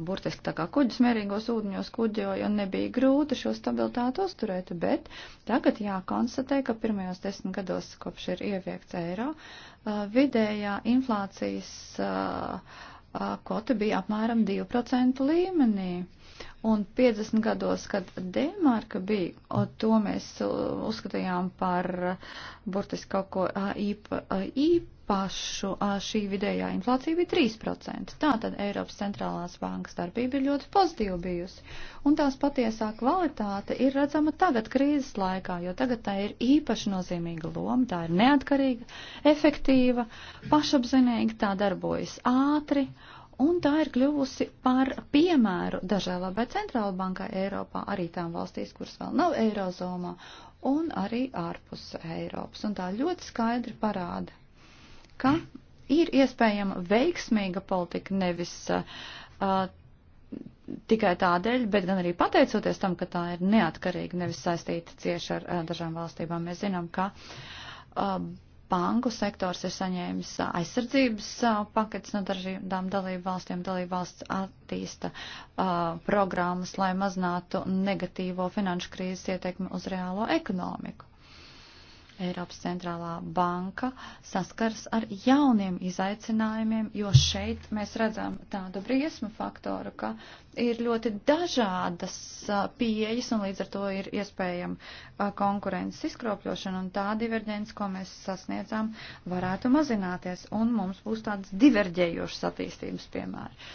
burtiski tā kā kuģis mierīgos ūdeņos kuģoja un nebija grūti šo stabilitātu uzturēt, bet tagad jākonstatē, ka pirmajos desmit gados, kopš ir ieviekts eiro, vidējā inflācijas kvota bija apmēram 2% līmenī. Un 50 gados, kad Dēnmarka bija, to mēs uzskatījām par burtiski kaut ko īpa, īpašu. Šī vidējā inflācija bija 3%. Tātad Eiropas centrālās bankas darbība ir ļoti pozitīva bijusi. Un tās patiesā kvalitāte ir redzama tagad krīzes laikā, jo tagad tā ir īpaši nozīmīga loma, tā ir neatkarīga, efektīva, pašapzinīga, tā darbojas ātri Un tā ir kļuvusi par piemēru dažādā, bet centrāla bankā Eiropā arī tām valstīs, kuras vēl nav Eirozomā un arī ārpus Eiropas. Un tā ļoti skaidri parāda, ka ir iespējama veiksmīga politika nevis uh, tikai tādēļ, bet gan arī pateicoties tam, ka tā ir neatkarīga, nevis saistīta cieši ar uh, dažām valstībām. Mēs zinām, ka uh, banku sektors ir saņēmis aizsardzības pakets no dažādām dalību valstīm. Dalību valsts attīsta uh, programmas, lai mazinātu negatīvo finanšu krīzes ietekmi uz reālo ekonomiku. Eiropas centrālā banka saskars ar jauniem izaicinājumiem, jo šeit mēs redzam tādu briesmu faktoru, ka ir ļoti dažādas pieejas un līdz ar to ir iespējama konkurences izkropļošana un tā diverģence, ko mēs sasniedzām, varētu mazināties un mums būs tādas diverģējošas attīstības piemēri.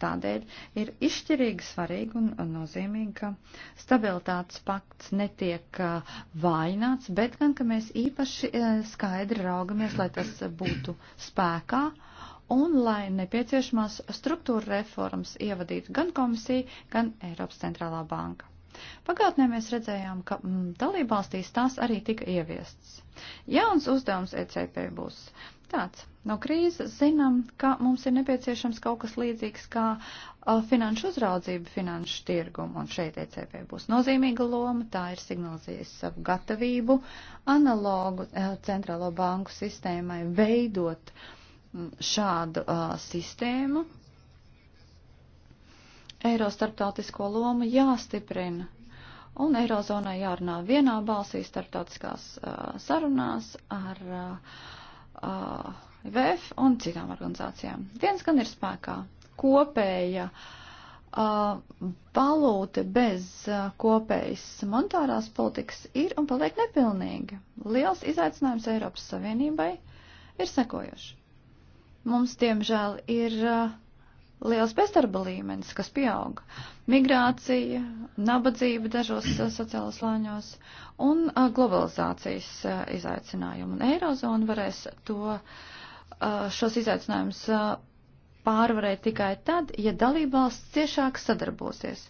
Tādēļ ir izšķirīgi svarīgi un nozīmīgi, ka stabilitātes pakts netiek vaināts, bet gan, ka mēs mēs īpaši e, skaidri raugamies, lai tas būtu spēkā un lai nepieciešamās struktūra reformas ievadītu gan komisija, gan Eiropas centrālā banka. Pagātnē mēs redzējām, ka mm, dalībvalstīs tās arī tika ieviests. Jauns uzdevums ECP būs tāds no krīzes, zinām, ka mums ir nepieciešams kaut kas līdzīgs kā finanšu uzraudzība finanšu tirgumu, un šeit ECB būs nozīmīga loma, tā ir signalizējusi savu gatavību analogu centrālo banku sistēmai veidot šādu uh, sistēmu. Eiro starptautisko lomu jāstiprina un Eirozonai jārunā vienā balsī starptautiskās uh, sarunās ar uh, uh, VF un citām organizācijām. Viens gan ir spēkā kopēja uh, valūta bez uh, kopējas monetārās politikas ir un paliek nepilnīga. Liels izaicinājums Eiropas Savienībai ir sekojoši. Mums, diemžēl, ir uh, liels bezdarba līmenis, kas pieauga. Migrācija, nabadzība dažos uh, sociālos slāņos un uh, globalizācijas uh, izaicinājumi. Un Eirozona varēs to uh, šos izaicinājumus pārvarēt tikai tad, ja dalībvalsts ciešāk sadarbosies.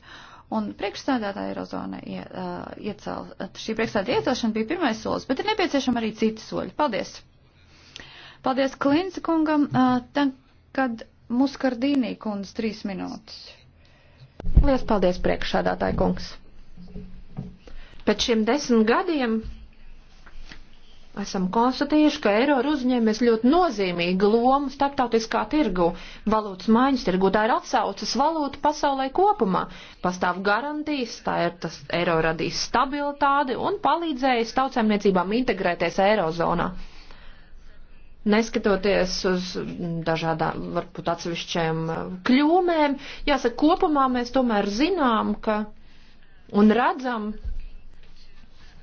Un priekšstādātāja Eirozona ie, uh, iecēl, šī priekšstādātāja iecelšana bija pirmais solis, bet ir nepieciešama arī citi soļi. Paldies! Paldies Klinca kungam, uh, tagad Muskardīnī kundze trīs minūtes. Lielas paldies priekšstādātāja kungs! Pēc šiem desmit gadiem Esam konstatējuši, ka eiro ir uzņēmis ļoti nozīmīgu lomu starptautiskā tirgu. Valūtas maiņas tirgu tā ir atsaucas valūta pasaulē kopumā. Pastāv garantijas, tā ir tas eiro radījis stabilitāti un palīdzējis tautsēmniecībām integrēties eirozonā. Neskatoties uz dažādām, varbūt atsevišķiem uh, kļūmēm, jāsaka, kopumā mēs tomēr zinām, ka un redzam,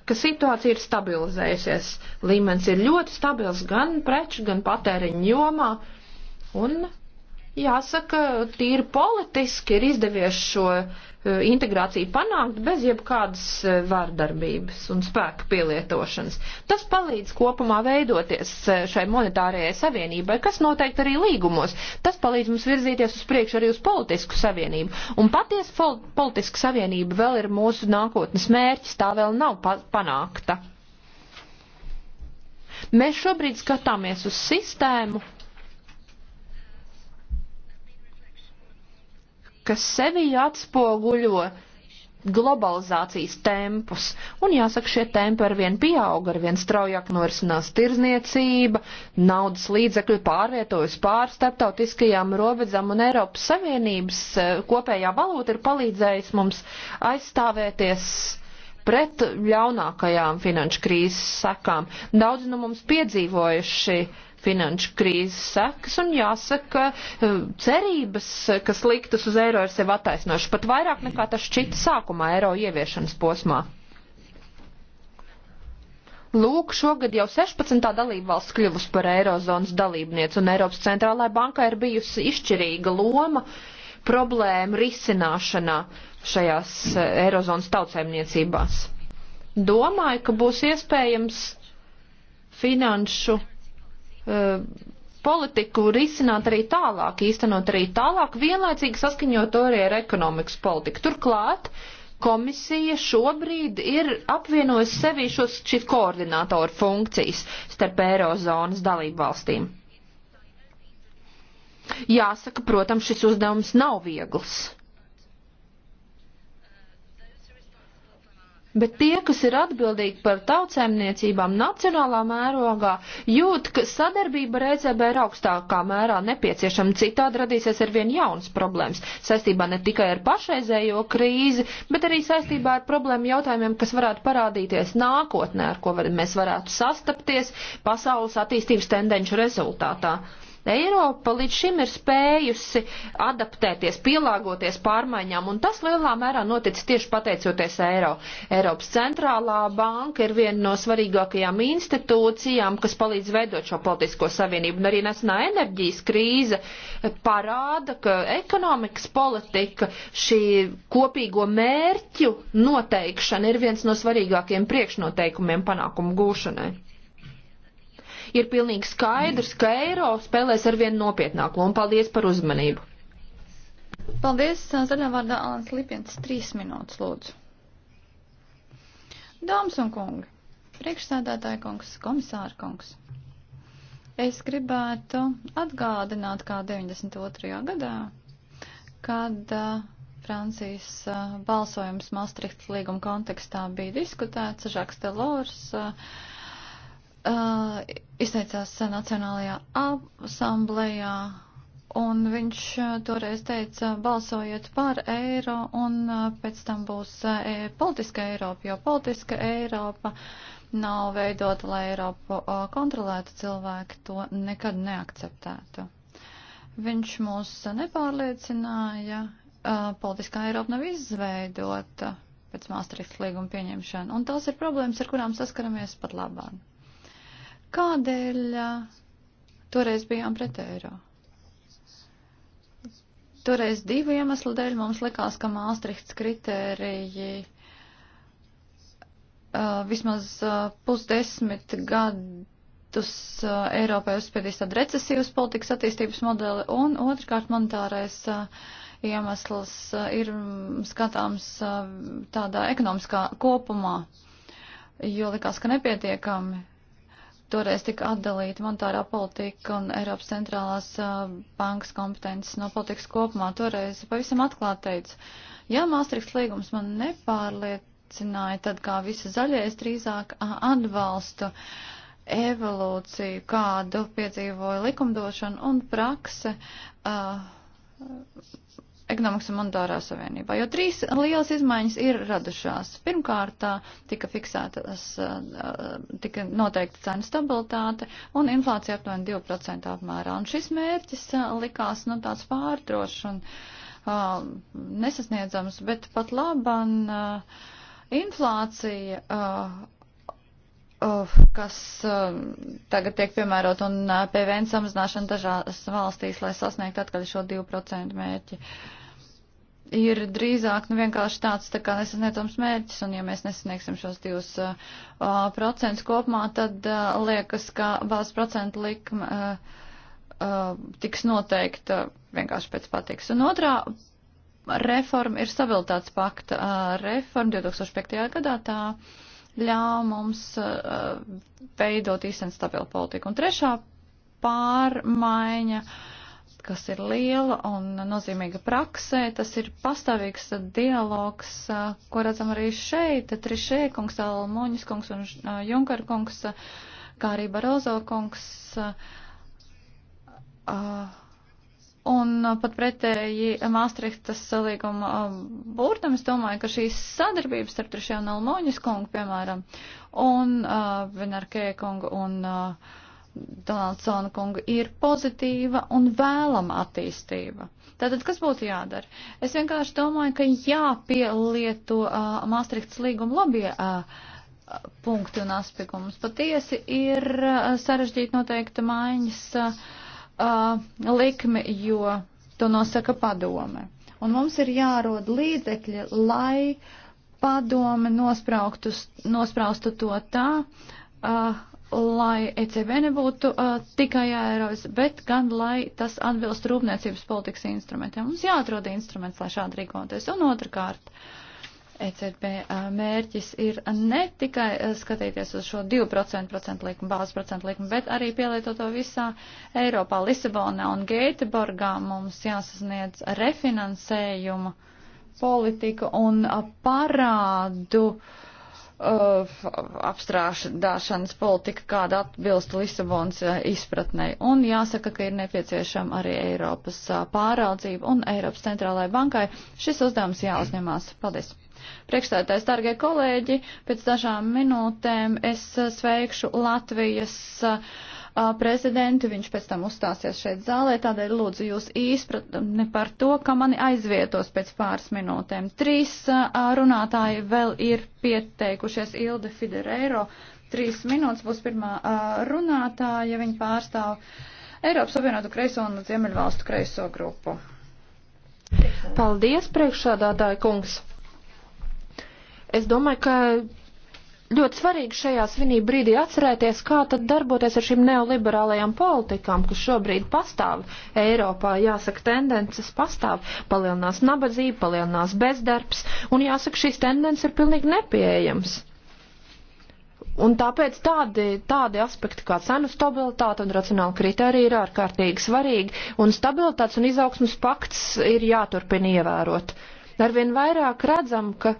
ka situācija ir stabilizējusies. Līmenis ir ļoti stabils gan preču, gan patēriņu jomā. Un Jāsaka, tīri politiski ir izdevies šo e, integrāciju panākt bez jebkādas e, vārdarbības un spēka pielietošanas. Tas palīdz kopumā veidoties e, šai monetārajai savienībai, kas noteikti arī līgumos. Tas palīdz mums virzīties uz priekšu arī uz politisku savienību. Un paties politiska savienība vēl ir mūsu nākotnes mērķis, tā vēl nav pa panākta. Mēs šobrīd skatāmies uz sistēmu, kas sevi atspoguļo globalizācijas tempus. Un jāsaka, šie tempi arvien pieauga, arvien straujāk norisinās tirzniecība, naudas līdzekļu pārvietojas pār starptautiskajām robežām un Eiropas Savienības eh, kopējā valūta ir palīdzējis mums aizstāvēties pret ļaunākajām finanšu krīzes sekām. Daudz no nu mums piedzīvojuši uh, finanšu krīzes sekas un jāsaka, eh, cerības, eh, kas liktas uz eiro, ir sev attaisnošas pat vairāk nekā tas šķita sākumā eiro ieviešanas posmā. Lūk, šogad jau 16. dalība valsts kļuvusi par eirozonas dalībnieci, un Eiropas centrālajā bankā ir bijusi izšķirīga loma problēmu risināšanā šajās eh, eirozonas tautsēmniecībās. Domāju, ka būs iespējams finanšu Uh, politiku risināt arī tālāk, īstenot arī tālāk, vienlaicīgi saskaņot to arī ar ekonomikas politiku. Turklāt komisija šobrīd ir apvienojusi sevi šos, šīs koordinātoru funkcijas starp Eirozonas dalību valstīm. Jāsaka, protams, šis uzdevums nav viegls Bet tie, kas ir atbildīgi par tautsēmniecībām nacionālā mērogā, jūt, ka sadarbība ar ECB ir augstākā mērā nepieciešama. Citādi radīsies ar vien jaunas problēmas saistībā ne tikai ar pašreizējo krīzi, bet arī saistībā ar problēmu jautājumiem, kas varētu parādīties nākotnē, ar ko var, mēs varētu sastapties pasaules attīstības tendenču rezultātā. Eiropa līdz šim ir spējusi adaptēties, pielāgoties pārmaiņām, un tas lielā mērā noticis tieši pateicoties eiro. Eiropas centrālā banka ir viena no svarīgākajām institūcijām, kas palīdz veidot šo politisko savienību, un arī nesenā enerģijas krīze parāda, ka ekonomikas politika, šī kopīgo mērķu noteikšana ir viens no svarīgākajiem priekšnoteikumiem panākumu gūšanai ir pilnīgi skaidrs, ka eiro spēlēs ar vien nopietnāku lomu. Paldies par uzmanību. Paldies, zaļā vārdā Alans Lipiens, trīs minūtes lūdzu. Dāmas un kungi, priekšsēdētāja kungs, komisāra kungs. Es gribētu atgādināt, kā 92. gadā, kad uh, Francijas uh, balsojums Maastrichtas līguma kontekstā bija diskutēts, Žaks Delors uh, uh, izteicās Nacionālajā asamblējā, un viņš uh, toreiz teica, balsojiet par eiro, un uh, pēc tam būs uh, e, politiska Eiropa, jo politiska Eiropa nav veidota, lai Eiropu uh, kontrolētu cilvēki, to nekad neakceptētu. Viņš mūs nepārliecināja, uh, politiskā Eiropa nav izveidota pēc Maastrichtas līguma pieņemšana, un tās ir problēmas, ar kurām saskaramies pat labāk. Kādēļ toreiz bijām pret eiro? Toreiz divu iemeslu dēļ mums likās, ka Māstrihts kritēriji uh, vismaz uh, pusdesmit gadus uh, Eiropai uzspiedīs tādu recesīvas politikas attīstības modeli, un otrkārt monetārais uh, iemesls uh, ir skatāms uh, tādā ekonomiskā kopumā, jo likās, ka nepietiekami Toreiz tika atdalīta monetārā politika un Eiropas centrālās bankas kompetences no politikas kopumā. Toreiz pavisam atklāt teicu, ja Maastrichts līgums man nepārliecināja, tad kā visi zaļais drīzāk atbalstu evolūciju, kādu piedzīvoja likumdošana un prakse. Uh, ekonomikas un monetārā savienībā, jo trīs lielas izmaiņas ir radušās. Pirmkārt, tika fiksētas, tika noteikta cenu stabilitāte un inflācija aptuveni 2% apmērā. Un šis mērķis likās, nu, tāds pārdrošs un uh, nesasniedzams, bet pat laban uh, inflācija uh, kas um, tagad tiek piemērot un uh, PVN samazināšana dažās valstīs, lai sasniegtu atkal šo 2% mērķi. Ir drīzāk nu, vienkārši tāds tā kā nesasniedzams mērķis, un ja mēs nesasniegsim šos 2% uh, kopumā, tad uh, liekas, ka bāzes procentu likme tiks noteikta vienkārši pēc patiks. Un otrā reforma ir stabilitātes pakta reforma 2005. gadā. Tā ļāva mums uh, veidot īsten stabilu politiku. Un trešā pārmaiņa kas ir liela un nozīmīga praksē, tas ir pastāvīgs dialogs, uh, ko redzam arī šeit, Trišē kungs, Almuņas kungs un uh, Junkar kungs, kā arī Barozo kungs. Uh, Un uh, pat pretēji Māstrihtas līguma uh, būrtam, es domāju, ka šīs sadarbības starp trešajā un Almoņas kungu, piemēram, un uh, Venarkē kungu un uh, Donaldsona kungu ir pozitīva un vēlama attīstība. Tātad, kas būtu jādara? Es vienkārši domāju, ka jāpielieto uh, Māstrihtas līguma labie. Uh, punkti un aspikumus. Patiesi ir uh, sarežģīti noteikta maiņas uh, uh, likmi, jo to nosaka padome. Un mums ir jārod līdzekļi, lai padome nospraustu to tā, uh, lai ECB nebūtu uh, tikai jāierojas, bet gan lai tas atbilst rūpniecības politikas instrumentiem. Mums jāatrod instruments, lai šādi rīkoties. Un otrkārt, uh, ECB mērķis ir ne tikai skatīties uz šo 2% likumu, bāzes procentu likumu, bet arī pielietot to visā Eiropā. Lisabonā un Gēteborgā mums jāsasniedz refinansējumu politiku un parādu uh, apstrādāšanas politika, kāda atbilst Lisabonas izpratnei. Un jāsaka, ka ir nepieciešama arī Eiropas pāraudzība un Eiropas centrālajai bankai. Šis uzdevums jāuzņemās. Paldies! Priekšstādātājs, dargie kolēģi, pēc dažām minūtēm es eh, sveikšu Latvijas eh, prezidentu, viņš pēc tam uzstāsies šeit zālē, tādēļ lūdzu jūs īspratni par to, ka mani aizvietos pēc pāris minūtēm. Trīs eh, runātāji vēl ir pieteikušies Ilde Fidereiro, trīs minūtes būs pirmā runātāja, viņa pārstāv Eiropas Savienotu kreiso un Ziemeļvalstu kreiso grupu. Paldies, priekšsādātāja kungs! Es domāju, ka ļoti svarīgi šajā svinību brīdī atcerēties, kā tad darboties ar šīm neoliberālajām politikām, kas šobrīd pastāv Eiropā. Jāsaka, tendences pastāv, palielinās nabadzība, palielinās bezdarbs, un jāsaka, šīs tendences ir pilnīgi nepieejams. Un tāpēc tādi, tādi aspekti kā cenu stabilitāte un racionāla kriterija ir ārkārtīgi svarīgi, un stabilitātes un izaugsmas pakts ir jāturpina ievērot. Arvien vairāk redzam, ka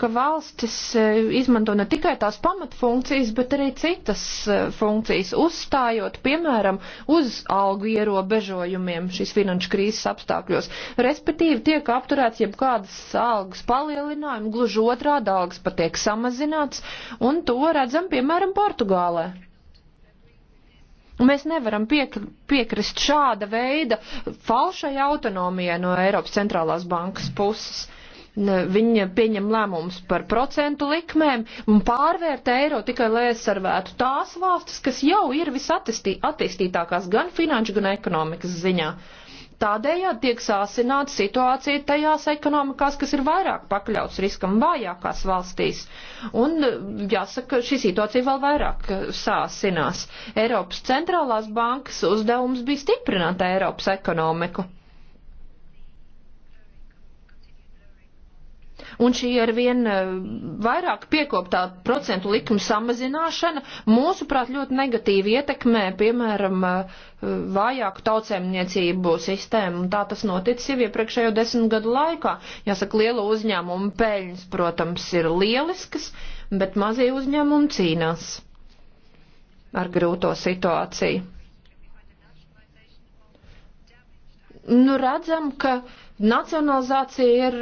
ka valstis e, izmanto ne tikai tās pamatfunkcijas, bet arī citas e, funkcijas, uzstājot, piemēram, uz algu ierobežojumiem šīs finanšu krīzes apstākļos. Respektīvi tiek apturēts jebkādas algas palielinājumi, gluži otrādi algas pat tiek samazināts, un to redzam, piemēram, Portugālē. Mēs nevaram piek piekrist šāda veida falšai autonomijai no Eiropas centrālās bankas puses. Viņa pieņem lēmumus par procentu likmēm un pārvērtē eiro tikai, lai aizsarvētu tās valstis, kas jau ir visattīstītākās gan finanšu, gan ekonomikas ziņā. Tādējādi tiek sāsināta situācija tajās ekonomikās, kas ir vairāk pakļauts riskam vājākās valstīs. Un jāsaka, šī situācija vēl vairāk sāsinās. Eiropas centrālās bankas uzdevums bija stiprināt Eiropas ekonomiku Un šī ar vien eh, vairāk piekoptā procentu likuma samazināšana, mūsuprāt, ļoti negatīvi ietekmē, piemēram, eh, vājāku tautsēmniecību sistēmu. Un tā tas noticis jau iepriekšējo desmit gadu laikā. Jāsaka, liela uzņēmuma peļņas, protams, ir lieliskas, bet mazie uzņēmumi cīnās ar grūto situāciju. Nu, redzam, ka uh, nacionalizācija ir,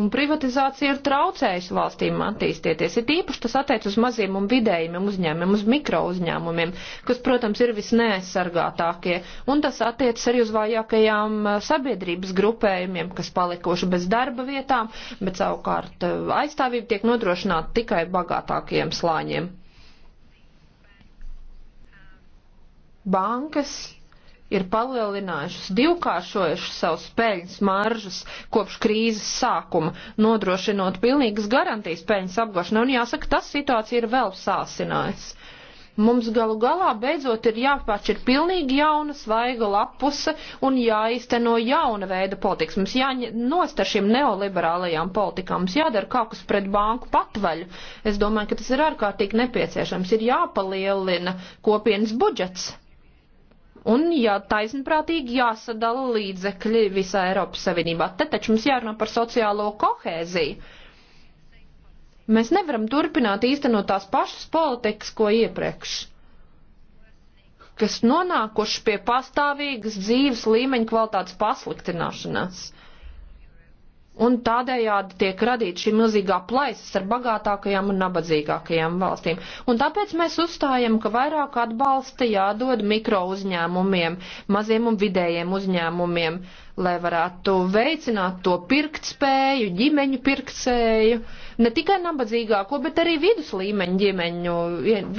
un privatizācija ir traucējusi valstīm attīstīties. Ir īpaši tas attiec uz maziem un vidējiem uzņēmumiem, uz mikro uzņēmumiem, kas, protams, ir visneaizsargātākie. Un tas attiec arī uz vājākajām eh, sabiedrības grupējumiem, kas palikuši bez darba vietām, bet savukārt eh, aizstāvība tiek nodrošināta tikai bagātākajiem slāņiem. Bankas ir palielinājušas, divkāršojušas savus peļņas maržas kopš krīzes sākuma, nodrošinot pilnīgas garantijas peļņas apgūšanai, un jāsaka, tas situācija ir vēl sāsinājusi. Mums galu galā beidzot ir jāpāršķir pilnīgi jauna svaiga lapuse un jāizteno jauna veida politikas. Mums jānost ar šīm neoliberālajām politikām, mums jādara kaut kas pret banku patvaļu. Es domāju, ka tas ir ārkārtīgi nepieciešams. Ir jāpalielina kopienas budžets un jā, taisnprātīgi jāsadala līdzekļi visā Eiropas Savienībā. Te taču mums jārunā par sociālo kohēziju. Mēs nevaram turpināt īstenot tās pašas politikas, ko iepriekš, kas nonākuši pie pastāvīgas dzīves līmeņa kvalitātes pasliktināšanās un tādējādi tiek radīta šī milzīgā plaisas ar bagātākajām un nabadzīgākajām valstīm. Un tāpēc mēs uzstājam, ka vairāk atbalsta jādod mikro uzņēmumiem, maziem un vidējiem uzņēmumiem, lai varētu veicināt to pirktspēju, ģimeņu pirktspēju, ne tikai nabadzīgāko, bet arī viduslīmeņu ģimeņu,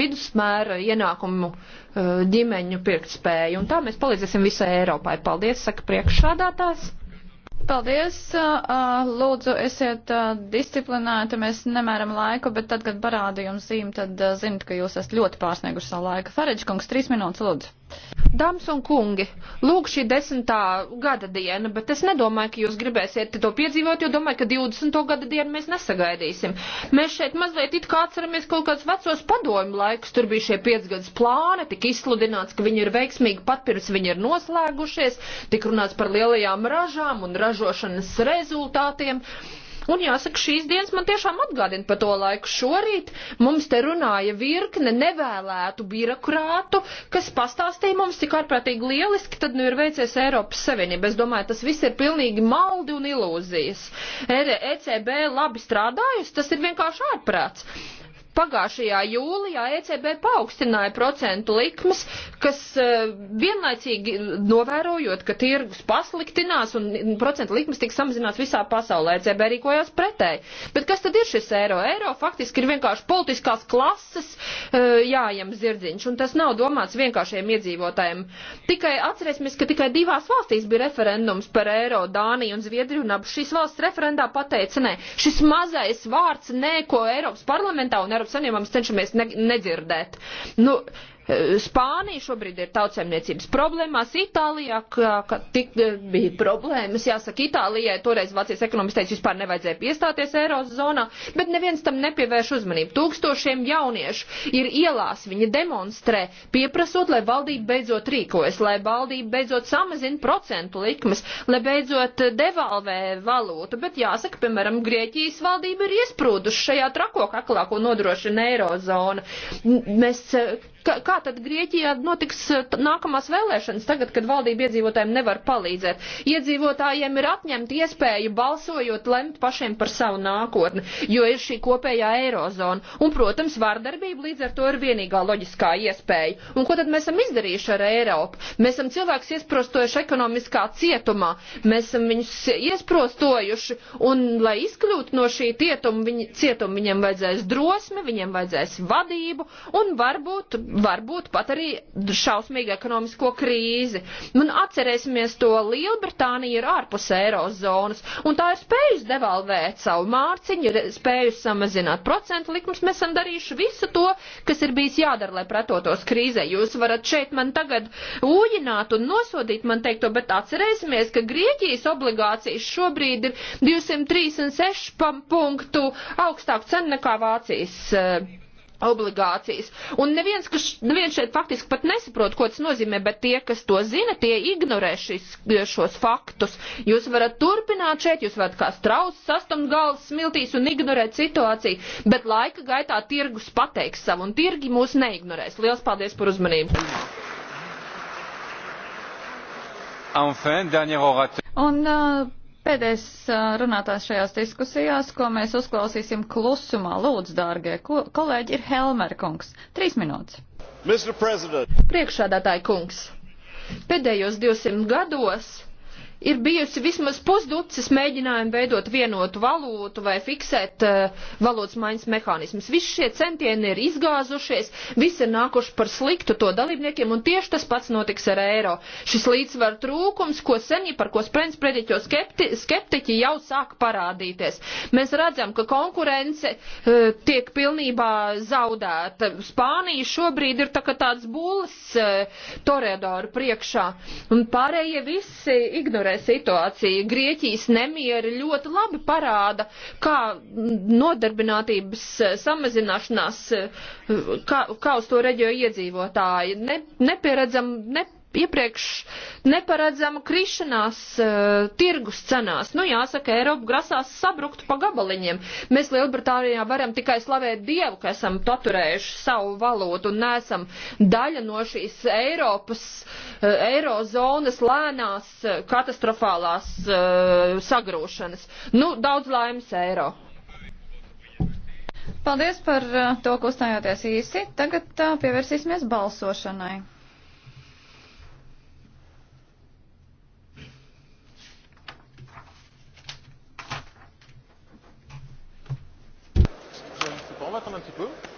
vidusmēra ienākumu uh, ģimeņu pirktspēju. Un tā mēs palīdzēsim visai Eiropai. Paldies, saka priekšsādātājs. Paldies! Lūdzu, esiet disciplinēti, mēs nemēram laiku, bet tad, kad parādu jums zīmi, tad zinat, ka jūs esat ļoti pārsnieguši savu laiku. Fareģkungs, trīs minūtes, lūdzu. Dāmas un kungi, lūk šī desmitā gada diena, bet es nedomāju, ka jūs gribēsiet to piedzīvot, jo domāju, ka 20. gada dienu mēs nesagaidīsim. Mēs šeit mazliet it kā atceramies kaut kādus vecos padomu laikus, tur bija šie piecgads plāni, tik izsludināts, ka viņi ir veiksmīgi pat pirms viņi ir noslēgušies, tik runāts par lielajām ražām un ražošanas rezultātiem. Uh, Un jāsaka, šīs dienas man tiešām atgādina par to laiku. Šorīt mums te runāja virkne nevēlētu birokrātu, kas pastāstīja mums, cik ārprātīgi lieliski tad nu ir veicies Eiropas Savienība. Es domāju, tas viss ir pilnīgi maldi un ilūzijas. ECB e labi strādājusi, tas ir vienkārši ārprāts. Pagājušajā jūlijā ECB paaugstināja procentu likmes, kas e, vienlaicīgi novērojot, ka tirgus pasliktinās un procentu likmes tiks samazināts visā pasaulē. ECB rīkojās pretēji. Bet kas tad ir šis eiro? Eiro faktiski ir vienkārši politiskās klases e, jājam zirdziņš, un tas nav domāts vienkāršiem iedzīvotājiem. Tikai atcerēsimies, ka tikai divās valstīs bija referendums par eiro - Dāniju un Zviedriju, un ap šīs valsts referendā pateica, nē, šis mazais vārds, nē, ko Eiropas parlamentā un Eiropas saņemam, cenšamies ne, nedzirdēt. Nu, Spānija šobrīd ir tautsēmniecības problēmās, Itālijā, ka tik eh, bija problēmas, jāsaka, Itālijai toreiz Vācijas ekonomists teica, vispār nevajadzēja piestāties Eirozonā, bet neviens tam nepievērš uzmanību. Tūkstošiem jauniešu ir ielās, viņi demonstrē, pieprasot, lai valdība beidzot rīkojas, lai valdība beidzot samazina procentu likmes, lai beidzot devalvē valūtu, bet jāsaka, piemēram, Grieķijas valdība ir iesprūduši šajā trako kaklā, ko nodrošina Eirozona. Mēs Kā, kā tad Grieķijā notiks eh, nākamās vēlēšanas tagad, kad valdība iedzīvotājiem nevar palīdzēt? Iedzīvotājiem ir atņemta iespēja balsojot, lemt pašiem par savu nākotni, jo ir šī kopējā eirozona. Un, protams, vārdarbība līdz ar to ir vienīgā loģiskā iespēja. Un ko tad mēs esam izdarījuši ar Eiropu? Mēs esam cilvēks iesprostojuši ekonomiskā cietumā, mēs esam viņus iesprostojuši, un, lai izkļūtu no šī cietuma, viņi, cietuma viņiem vajadzēs drosmi, viņiem vajadzēs vadību, un varbūt varbūt pat arī šausmīgu ekonomisko krīzi. Un atcerēsimies to, Lielbritānija ir ārpus eirozonas, un tā ir spējusi devalvēt savu mārciņu, ir spējusi samazināt procentu likums. Mēs esam darījuši visu to, kas ir bijis jādara, lai pretotos krīzē. Jūs varat šeit man tagad ūjināt un nosodīt man teikto, bet atcerēsimies, ka Grieķijas obligācijas šobrīd ir 236 punktu augstāku cenu nekā Vācijas. Uh, obligācijas. Un neviens, kas, neviens šeit faktiski pat nesaprot, ko tas nozīmē, bet tie, kas to zina, tie ignorē šis, šos faktus. Jūs varat turpināt šeit, jūs varat kā strauss sastumt galvas smiltīs un ignorēt situāciju, bet laika gaitā tirgus pateiks savu un tirgi mūs neignorēs. Liels paldies par uzmanību! Enfin, Un uh, Pēdējais runātājs šajās diskusijās, ko mēs uzklausīsim klusumā, lūdzu, dārgie ko, kolēģi, ir Helmer kungs. Trīs minūtes. Priekšādātāji kungs, pēdējos 200 gados ir bijusi vismaz pusducis mēģinājumi veidot vienotu valūtu vai fiksēt uh, valodas maiņas mehānismus. Visi šie centieni ir izgāzušies, visi ir nākuši par sliktu to dalībniekiem, un tieši tas pats notiks ar eiro. Šis līdzsvaru trūkums, ko seni par ko sprens prediķo skepti, skeptiķi, jau sāk parādīties. Mēs redzam, ka konkurence uh, tiek pilnībā zaudēta. Spānija šobrīd ir tā kā tāds būles uh, eh, toredoru priekšā, un pārējie visi ignorē jāapturē situācija. Grieķijas nemieri ļoti labi parāda, kā nodarbinātības eh, samazināšanās, kā, eh, kā uz to reģio iedzīvotāji. Ne, nepieredzam, ne, iepriekš neparedzama krišanās uh, tirgus cenās. Nu, jāsaka, Eiropa grasās sabrukt pa gabaliņiem. Mēs Lielbritānijā varam tikai slavēt Dievu, ka esam paturējuši savu valodu un neesam daļa no šīs Eiropas, uh, Eirozonas lēnās uh, katastrofālās uh, sagrūšanas. Nu, daudz laimes Eiro. Paldies par to, ka uzstājāties īsi. Tagad pievērsīsimies balsošanai. on va attendre un petit peu.